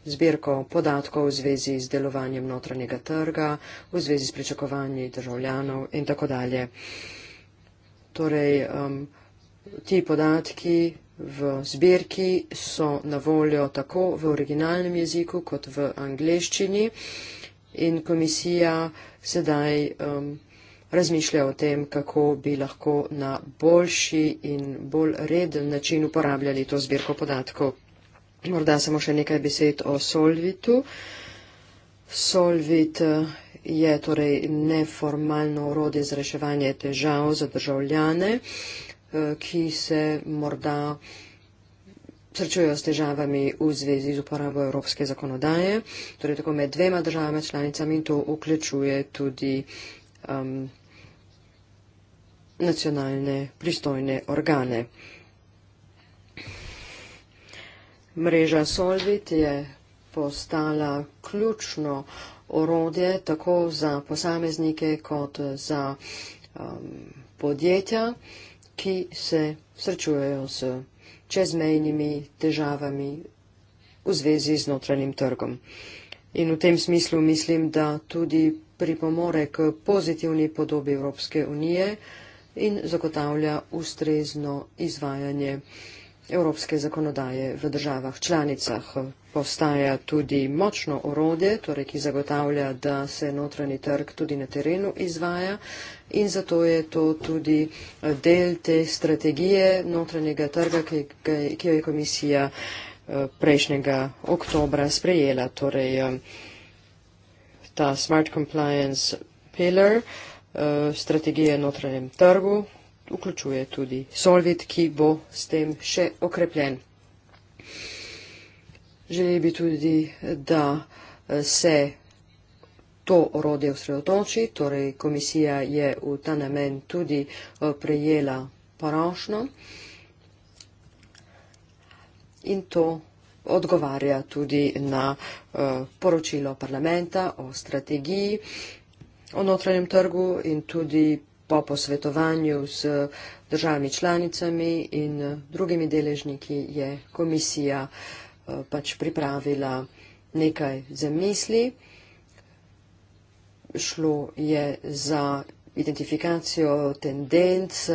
zbirko podatkov v zvezi z delovanjem notranjega trga, v zvezi s pričakovanji državljanov in tako dalje. Torej, um, ti podatki V zbirki so na voljo tako v originalnem jeziku kot v angleščini in komisija sedaj um, razmišlja o tem, kako bi lahko na boljši in bolj reden način uporabljali to zbirko podatkov. Morda samo še nekaj besed o Solvitu. Solvit eh, je torej neformalno urode za reševanje težav za državljane. Uh, Eh, ki se morda srečujejo s težavami v zvezi z uporabo evropske zakonodaje, torej tako med dvema državama članicami in to vključuje tudi um, nacionalne pristojne organe. Mreža Solvit je postala ključno orodje tako za posameznike kot za um, podjetja. Um, ki se srečujejo s čezmejnimi težavami v zvezi z notranjim trgom. In v tem smislu mislim, da tudi pripomore k pozitivni podobi Evropske unije in zagotavlja ustrezno izvajanje evropske zakonodaje v državah članicah. Postaja tudi močno orodje, torej ki zagotavlja, da se notranji trg tudi na terenu izvaja in zato je to tudi del te strategije notranjega trga, ki jo je komisija eh, prejšnjega oktobra sprejela. Torej, eh, ta smart compliance pillar eh, strategije notranjem trgu vključuje tudi Solvit, ki bo s tem še okrepljen. Želeli bi tudi, da se to orodje osredotoči, torej komisija je v ta namen tudi eh, prejela prošno in to odgovarja tudi na eh, poročilo parlamenta o strategiji o notranjem trgu in tudi po posvetovanju z državami članicami in eh, drugimi deležniki je komisija pač pripravila nekaj zamisli šlo je za identifikacijo tendenc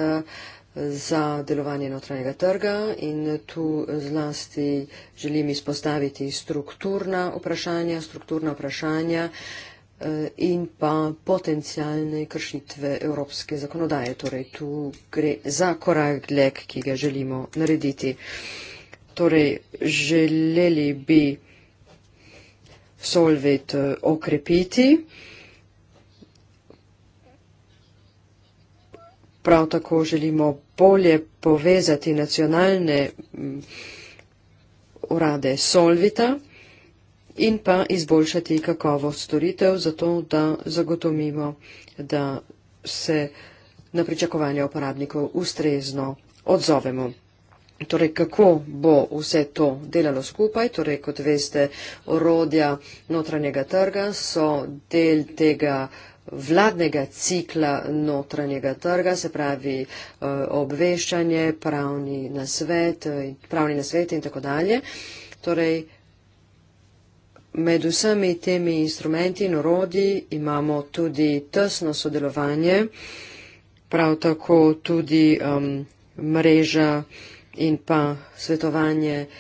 za delovanje notranjega trga in tu zlasti želim izpostaviti strukturna vprašanja, strukturna vprašanja eh, in pa potencijalne kršitve evropske zakonodaje. Torej, tu gre za korak glek, ki ga želimo narediti. Torej, želeli bi solvit eh, okrepiti. Uh, Prav tako želimo bolje povezati nacionalne mm, urade Solvita in pa izboljšati kakovost storitev, zato da zagotovimo, da se na pričakovanje uporabnikov ustrezno odzovemo. Torej, kako bo vse to delalo skupaj? Torej, kot veste, orodja notranjega trga so del tega uh, vladnega cikla notranjega trga, se pravi eh, obveščanje, pravni nasvet, eh, pravni nasvet in tako dalje. Torej, med vsemi temi instrumenti in orodji imamo tudi tesno sodelovanje, prav tako tudi um, mreža in pa svetovanje uh,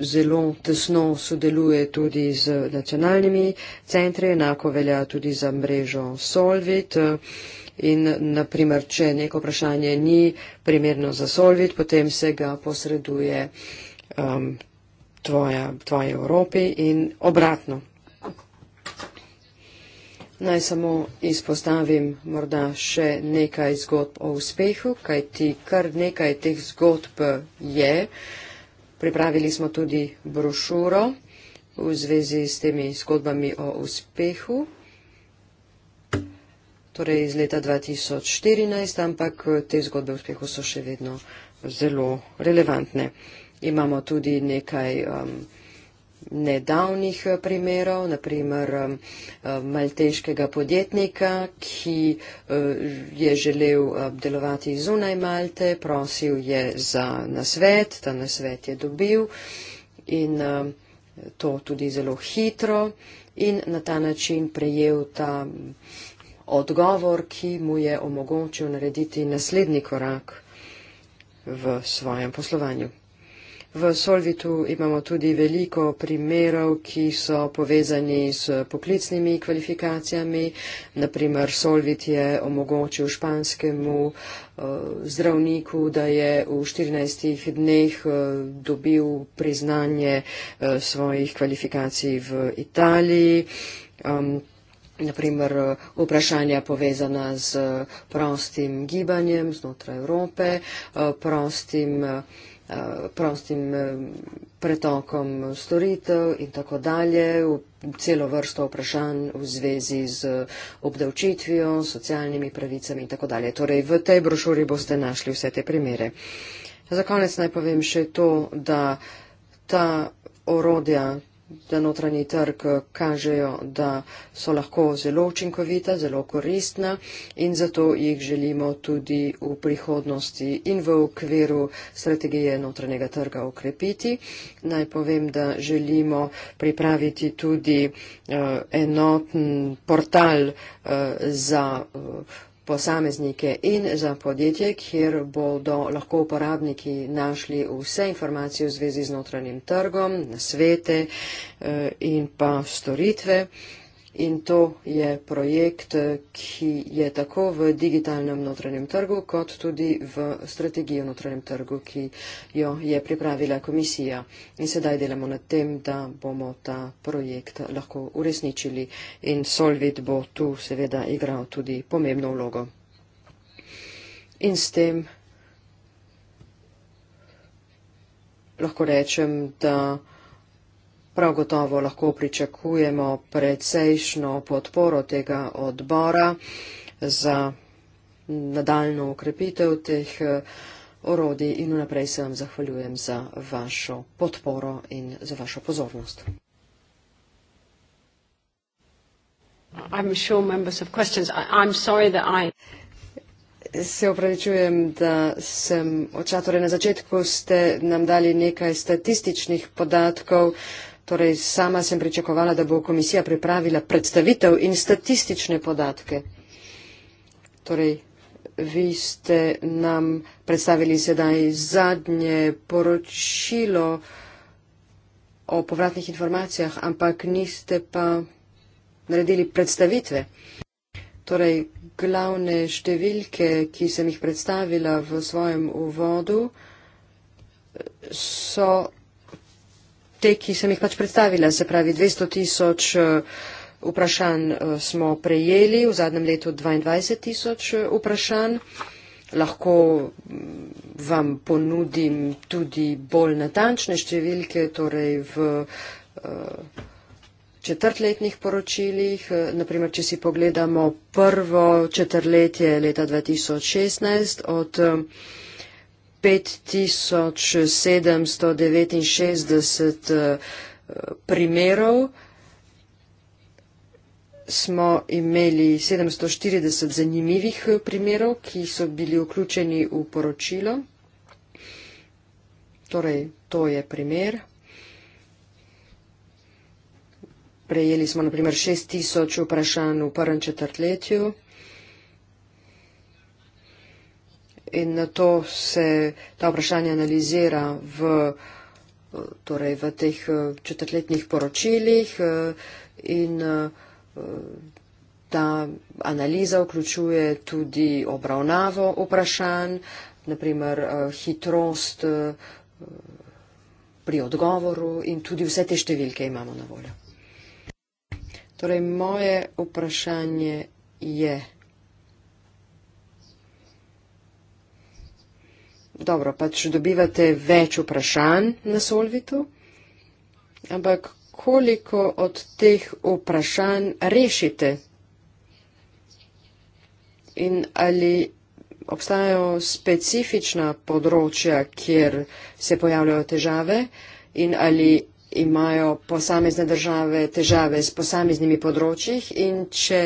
zelo tesno sodeluje tudi z nacionalnimi centri, enako velja tudi za mrežo Solvit. In, naprimer, če neko vprašanje ni primerno za Solvit, potem se ga posreduje um, tvoja, tvoje Evropi in obratno. Naj samo izpostavim morda še nekaj zgodb o uspehu, kajti kar nekaj teh zgodb je. Uh, Pripravili smo tudi brošuro v zvezi s temi zgodbami o uspehu, torej iz leta 2014, ampak te zgodbe o uspehu so še vedno zelo relevantne. Imamo tudi nekaj um, nedavnih eh, primerov, naprimer eh, eh, malteškega podjetnika, ki je želel delovati zunaj Malte, prosil je za nasvet, ta nasvet je dobil in to tudi zelo hitro in na ta način prejel ta mm, odgovor, ki mu je omogočil narediti naslednji korak v svojem poslovanju. V Solvitu imamo tudi veliko primerov, ki so povezani s poklicnimi kvalifikacijami. Naprimer, Solvit je omogočil španskemu eh, zdravniku, da je v 14 dneh eh, dobil priznanje eh, svojih kvalifikacij v Italiji. Naprimer, vprašanja povezana z prostim gibanjem znotraj Evrope, prostim Eh, prostim eh, pretokom storitev in tako dalje, v celo vrsto vprašanj v zvezi z obdavčitvijo, socialnimi pravicami in tako dalje. Torej, v tej brošuri boste našli vse te primere. Za konec naj povem še to, da ta orodja, da notranji trg eh, kažejo, da so lahko zelo učinkovita, zelo koristna in zato jih želimo tudi v prihodnosti in v okviru strategije notranjega trga ukrepiti. Naj povem, da želimo pripraviti tudi uh, enoten portal uh, za. Uh, posameznike in za podjetje, kjer bodo lahko uporabniki našli vse informacije v zvezi z notranjim trgom, na svete eh, in pa storitve in to je projekt, ki je tako v digitalnem notranjem trgu, kot tudi v strategiji o notranjem trgu, ki jo je pripravila komisija. In sedaj delamo na tem, da bomo ta projekt lahko uresničili in Solvit bo tu seveda igral tudi pomembno vlogo. In s tem lahko rečem, da Prav gotovo lahko pričakujemo precejšno podporo tega odbora za nadaljno ukrepitev teh eh, orodij in vnaprej se vam zahvaljujem za vašo podporo in za vašo pozornost. Se opravičujem, da sem očatore na začetku, ste nam dali nekaj statističnih podatkov. Uh, Torej, sama sem pričakovala, da bo komisija pripravila predstavitev in statistične podatke. Torej, vi ste nam predstavili sedaj zadnje poročilo o povratnih informacijah, ampak niste pa naredili predstavitve. Torej, glavne številke, ki sem jih predstavila v svojem uvodu, so te, ki sem jih pač predstavila. Se pravi, 200 tisoč eh, vprašanj eh, smo prejeli, v zadnjem letu 22 tisoč eh, vprašanj. Lahko mm, vam ponudim tudi bolj natančne številke, torej v četrtletnih poročilih. Naprimer, če si pogledamo prvo četrtletje leta 2016 od 5769 eh, primerov, smo imeli 740 zanimivih eh, primerov, ki so bili vključeni v poročilo. Torej, to je primer. Prejeli smo naprimer 6000 vprašanj v prvem četrtletju. in na to se ta vprašanja analizira v, torej v teh eh, četrtletnih poročilih eh, in eh, ta analiza vključuje tudi obravnavo vprašanj, naprimer hitrost pri odgovoru in tudi vse te številke imamo na voljo. Torej, moje vprašanje je. Yeah. dobro, pač dobivate več vprašanj na Solvitu, ampak koliko od teh vprašanj rešite? In ali obstajajo specifična področja, kjer se pojavljajo težave in ali imajo posamezne države težave s posameznimi področjih in če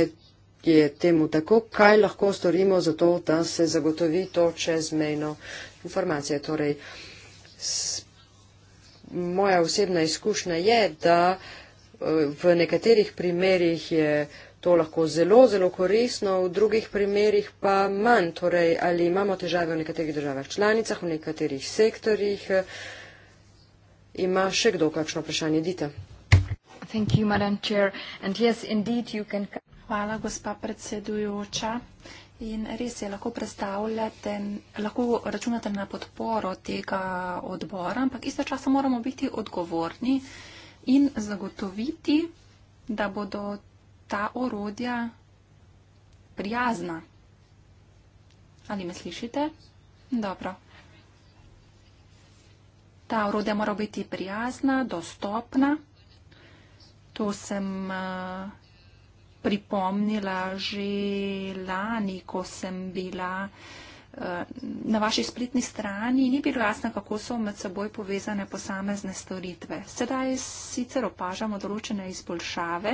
je temu tako, kaj lahko storimo za to, da se zagotovi to čezmejno informacijo. Torej, moja osebna izkušnja je, da eh, v nekaterih primerjih je to lahko zelo, zelo korisno, v drugih primerjih pa manj. Torej, ali imamo težave v nekaterih državah članicah, v nekaterih sektorjih, eh, ima še kdo kakšno vprašanje, Dita? Thank you, Madam Chair. And yes, indeed, you can come. Hvala, gospa predsedujoča. In res je, lahko predstavljate, lahko računate na podporo tega odbora, ampak istočasno moramo biti odgovorni in zagotoviti, da bodo ta orodja prijazna. Ali me slišite? Dobro. Ta orodja mora biti prijazna, dostopna. To sem. Uh, pripomnila že lani, ko sem bila eh, na vaši spletni strani, ni bilo jasno, kako so med seboj povezane posamezne storitve. Sedaj sicer opažamo določene izboljšave,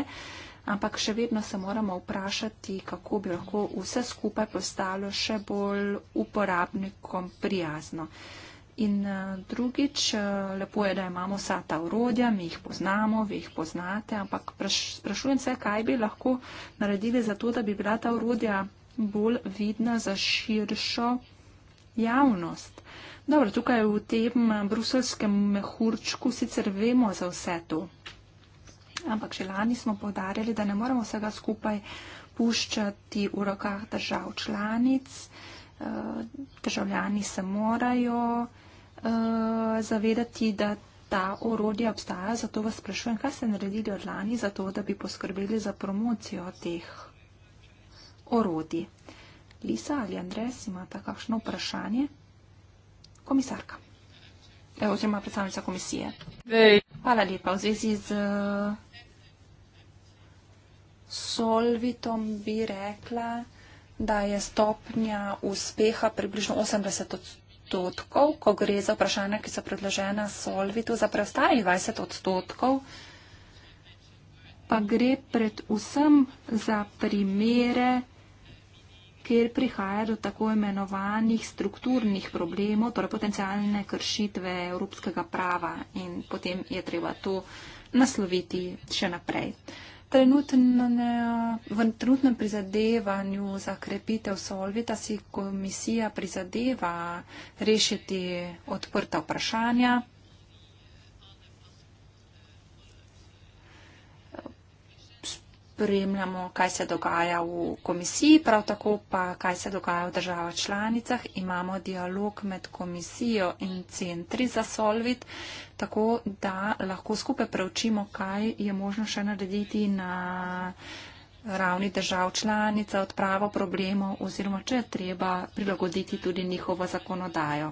ampak še vedno se moramo vprašati, kako bi lahko vse skupaj postalo še bolj uporabnikom prijazno. In eh, drugič, eh, lepo je, da imamo vsa ta urodja, mi jih poznamo, vi jih poznate, ampak sprašujem se, kaj bi lahko naredili za to, da bi bila ta urodja bolj vidna za širšo javnost. Dobro, tukaj v tem eh, bruselskem mehurčku sicer vemo za vse to, ampak že lani smo podarjali, da ne moramo vsega skupaj puščati v rokah držav članic. Državljani se morajo Eh, zavedati, da ta orodja obstaja. Zato vas sprašujem, kaj ste naredili od lani, zato da bi poskrbeli za promocijo teh orodij. Lisa ali Andres, imate kakšno vprašanje? Komisarka. Eh, oziroma predstavnica komisije. Hvala lepa. V zvezi z eh, Solvitom bi rekla, da je stopnja uspeha približno 80 odstotkov odstotkov, ko gre za vprašanja, ki so predložena Solvitu, za preostalih 20 odstotkov pa gre predvsem za primere, kjer prihaja do tako imenovanih strukturnih problemov, torej potencijalne kršitve evropskega prava in potem je treba to nasloviti še naprej v trenutnem prizadevanju za krepitev Solvita si komisija prizadeva rešiti odprta vprašanja. spremljamo, kaj se dogaja v komisiji, prav tako pa kaj se dogaja v državah članicah. Imamo dialog med komisijo in centri za solvit, tako da lahko skupaj preučimo, kaj je možno še narediti na ravni držav članica, odpravo problemov oziroma če je treba prilagoditi tudi njihovo zakonodajo.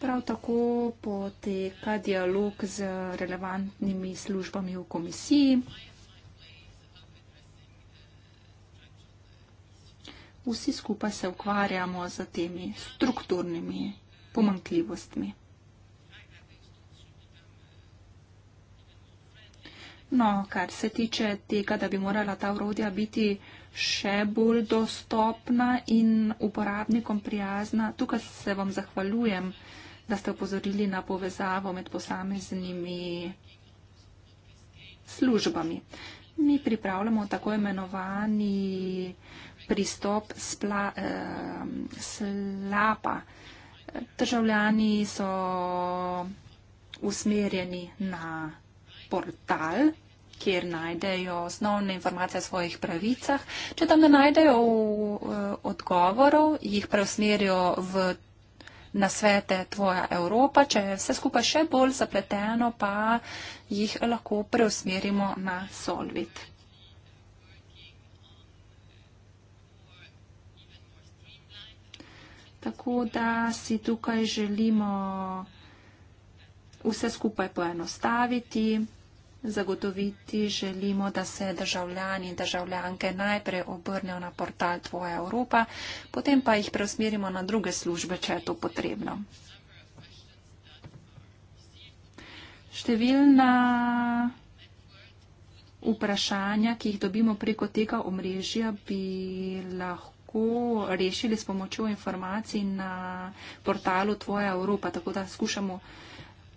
Prav tako poteka dialog z relevantnimi službami v komisiji. vsi skupaj se ukvarjamo z temi strukturnimi pomankljivostmi. No, kar se tiče tega, da bi morala ta urodja biti še bolj dostopna in uporabnikom prijazna, tukaj se vam zahvaljujem, da ste upozorili na povezavo med posameznimi službami. Mi pripravljamo tako imenovani pristop spla, eh, slapa. Državljani so usmerjeni na portal, kjer najdejo osnovne informacije o svojih pravicah. Če tam ne najdejo eh, odgovorov, jih preusmerijo v na svete tvoja Evropa, če je vse skupaj še bolj zapleteno, pa jih lahko preusmerimo na Solvit. Tako da si tukaj želimo vse skupaj poenostaviti, zagotoviti želimo, da se državljani in državljanke najprej obrnejo na portal Tvoja Evropa, potem pa jih preusmerimo na druge službe, če je to potrebno. Številna vprašanja, ki jih dobimo preko tega omrežja, bi lahko lahko rešili s pomočjo informacij na portalu Tvoja Evropa, tako da skušamo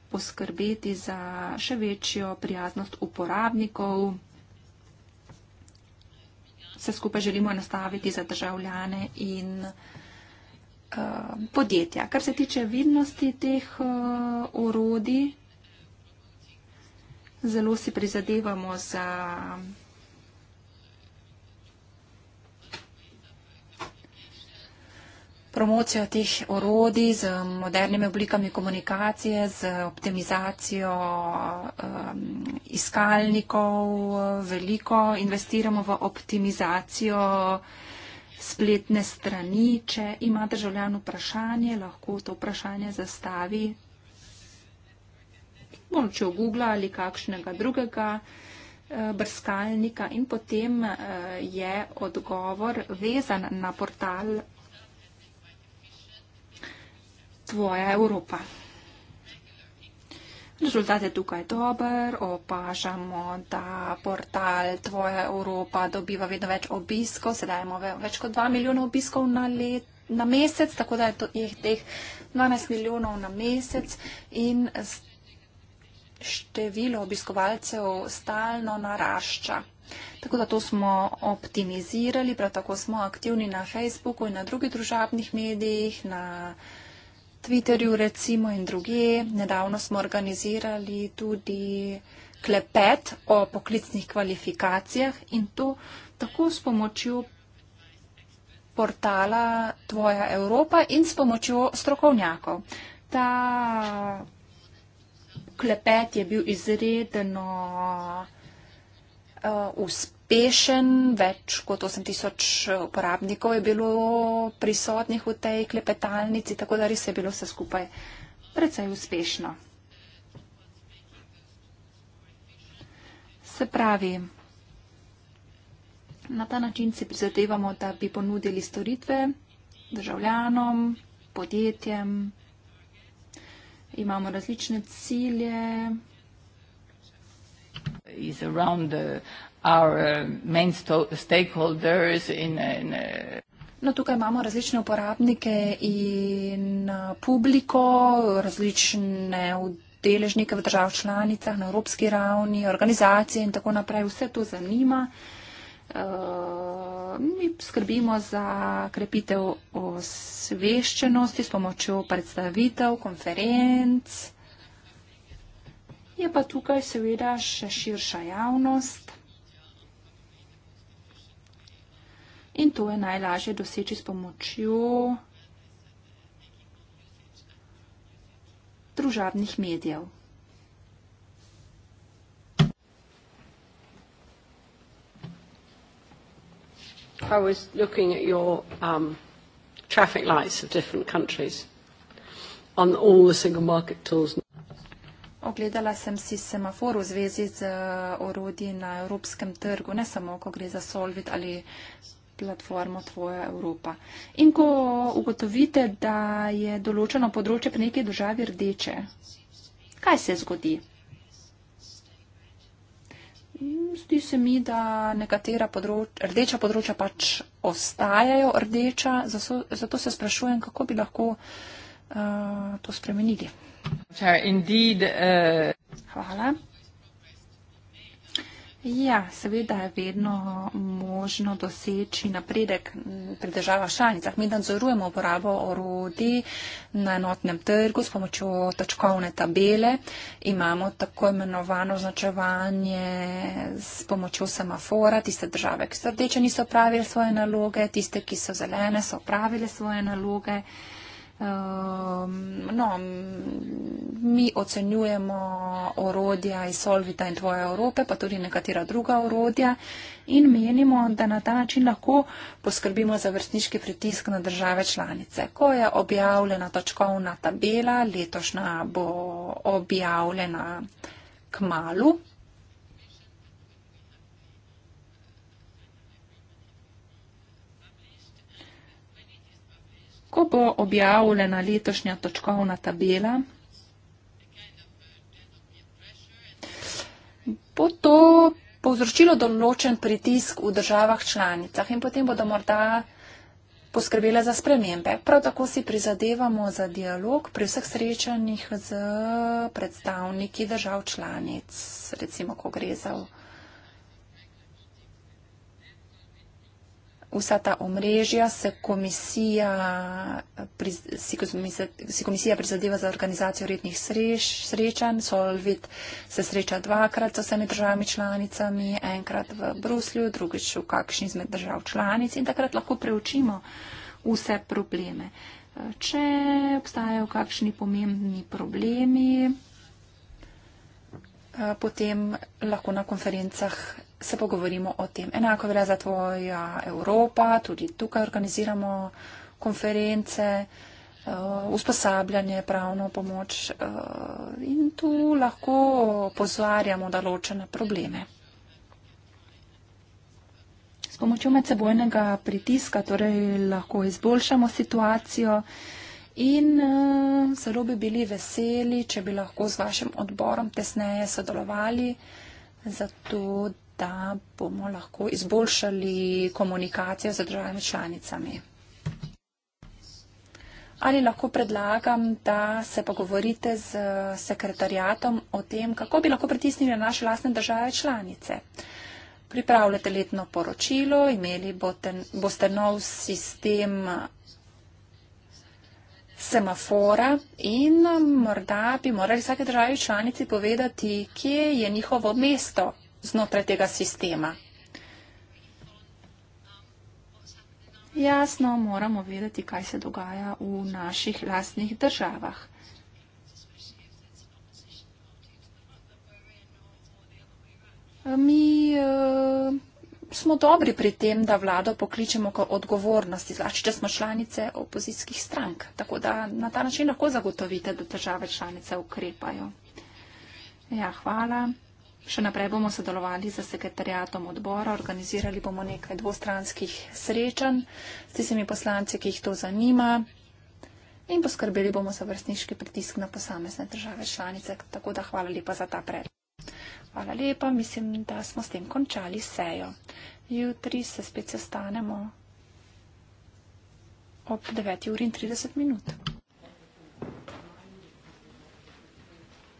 poskrbeti za še večjo prijaznost uporabnikov. Vse skupaj želimo nastaviti za državljane in uh, podjetja. Kar se tiče vidnosti teh uh, orodij, zelo si prizadevamo za. Uh, promocijo teh orodij z modernimi oblikami komunikacije, z optimizacijo um, iskalnikov, veliko investiramo v optimizacijo spletne strani. Če ima državljan vprašanje, lahko to vprašanje zastavi pomočjo Google ali kakšnega drugega eh, brskalnika in potem eh, je odgovor vezan na portal tvoja Evropa. Rezultat je tukaj dober, opažamo, da portal Tvoja Evropa dobiva vedno več obiskov, sedaj imamo več kot 2 milijona obiskov na, let, na mesec, tako da je to je teh 12 milijonov na mesec in število obiskovalcev stalno narašča. Tako da to smo optimizirali, prav tako smo aktivni na Facebooku in na drugih družabnih medijih, na Facebooku. Twitterju recimo in druge. Nedavno smo organizirali tudi klepet o poklicnih kvalifikacijah in to tako s pomočjo portala Tvoja Evropa in s pomočjo strokovnjakov. Ta klepet je bil izredno uh, uspešen uspešen, več kot 8000 eh, uporabnikov je bilo prisotnih v tej klepetalnici, tako da res je bilo vse skupaj precej uspešno. Se pravi, na ta način si prizadevamo, da bi ponudili storitve državljanom, podjetjem, imamo različne cilje. Is around the, uh, our uh, main stakeholders in, uh, in uh, No, tukaj imamo različne uporabnike in publiko, različne deležnike v držav članicah, na evropski ravni, organizacije in tako naprej. Vse to zanima. Mi skrbimo za krepitev osveščenosti s pomočjo predstavitev, konferenc. Je pa tukaj seveda še širša javnost. in to je najlažje doseči s pomočjo družabnih medijev. I was looking at your um, traffic lights of different countries on all the single market tools. Ogledala sem si semafor v zvezi z uh, orodji na evropskem trgu, ne samo, ko gre za Solvit ali platformo Tvoja Evropa. In ko ugotovite, da je določeno področje pri neki državi rdeče, kaj se zgodi? Zdi se mi, da nekatera področ rdeča področja pač ostajajo rdeča, zato, zato se sprašujem, kako bi lahko uh, to spremenili. Indeed, uh... Hvala. Ja, seveda je vedno možno doseči napredek pri državah članicah. Mi nadzorujemo uporabo orodij na enotnem trgu s pomočjo točkovne tabele. Imamo tako imenovano označevanje s pomočjo semafora. Tiste države, ki so rdeče, niso pravile svoje naloge, tiste, ki so zelene, so pravile svoje naloge. Um, no, mi ocenjujemo orodja iz Solvita in Tvoje Evrope, pa tudi nekatera druga orodja in menimo, da na ta način lahko poskrbimo za vrstniški pritisk na države članice. Ko je objavljena točkovna tabela, letošnja bo objavljena k malu. ko bo objavljena letošnja točkovna tabela, bo to povzročilo določen pritisk v državah članicah in potem bodo morda poskrbele za spremembe. Prav tako si prizadevamo za dialog pri vseh srečanjih z predstavniki držav članic, recimo, ko gre za. vsa ta omrežja se komisija, si komisija prizadeva za organizacijo rednih sreč, srečanj. Solvit se sreča dvakrat z vsemi državami članicami, enkrat v Bruslju, drugič v kakšni izmed držav članic in takrat lahko preučimo vse probleme. Če obstajajo kakšni pomembni problemi, potem lahko na konferencah se pogovorimo o tem. Enako velja za tvoja Evropa, tudi tukaj organiziramo konference, eh, usposabljanje, pravno pomoč eh, in tu lahko pozvarjamo določene probleme. S pomočjo medsebojnega pritiska torej lahko izboljšamo situacijo. In uh, zelo bi bili veseli, če bi lahko z vašim odborom tesneje sodelovali, zato da bomo lahko izboljšali komunikacijo z državami članicami. Ali lahko predlagam, da se pogovorite z sekretarjatom o tem, kako bi lahko pritisnili na naše lastne države članice? Pripravljate letno poročilo, imeli boste, boste nov sistem semafora in morda bi morali vsake državi članici povedati, kje je njihovo mesto znotraj tega sistema. Jasno, moramo vedeti, kaj se dogaja v naših lastnih državah. Mi uh, smo dobri pri tem, da vlado pokličemo k odgovornosti, zlači, če smo članice opozicijskih strank. Tako da na ta način lahko zagotovite, da države članice ukrepajo. Ja, hvala. Še naprej bomo sodelovali za sekretarjatom odbora, organizirali bomo nekaj dvostranskih srečanj s tistimi poslanci, ki jih to zanima in poskrbeli bomo za vrstniški pritisk na posamezne države članice. Tako da hvala lepa za ta predlog. Hvala lepa, mislim, da smo s tem končali sejo. Jutri se spet sestanemo ob 9.30 minut.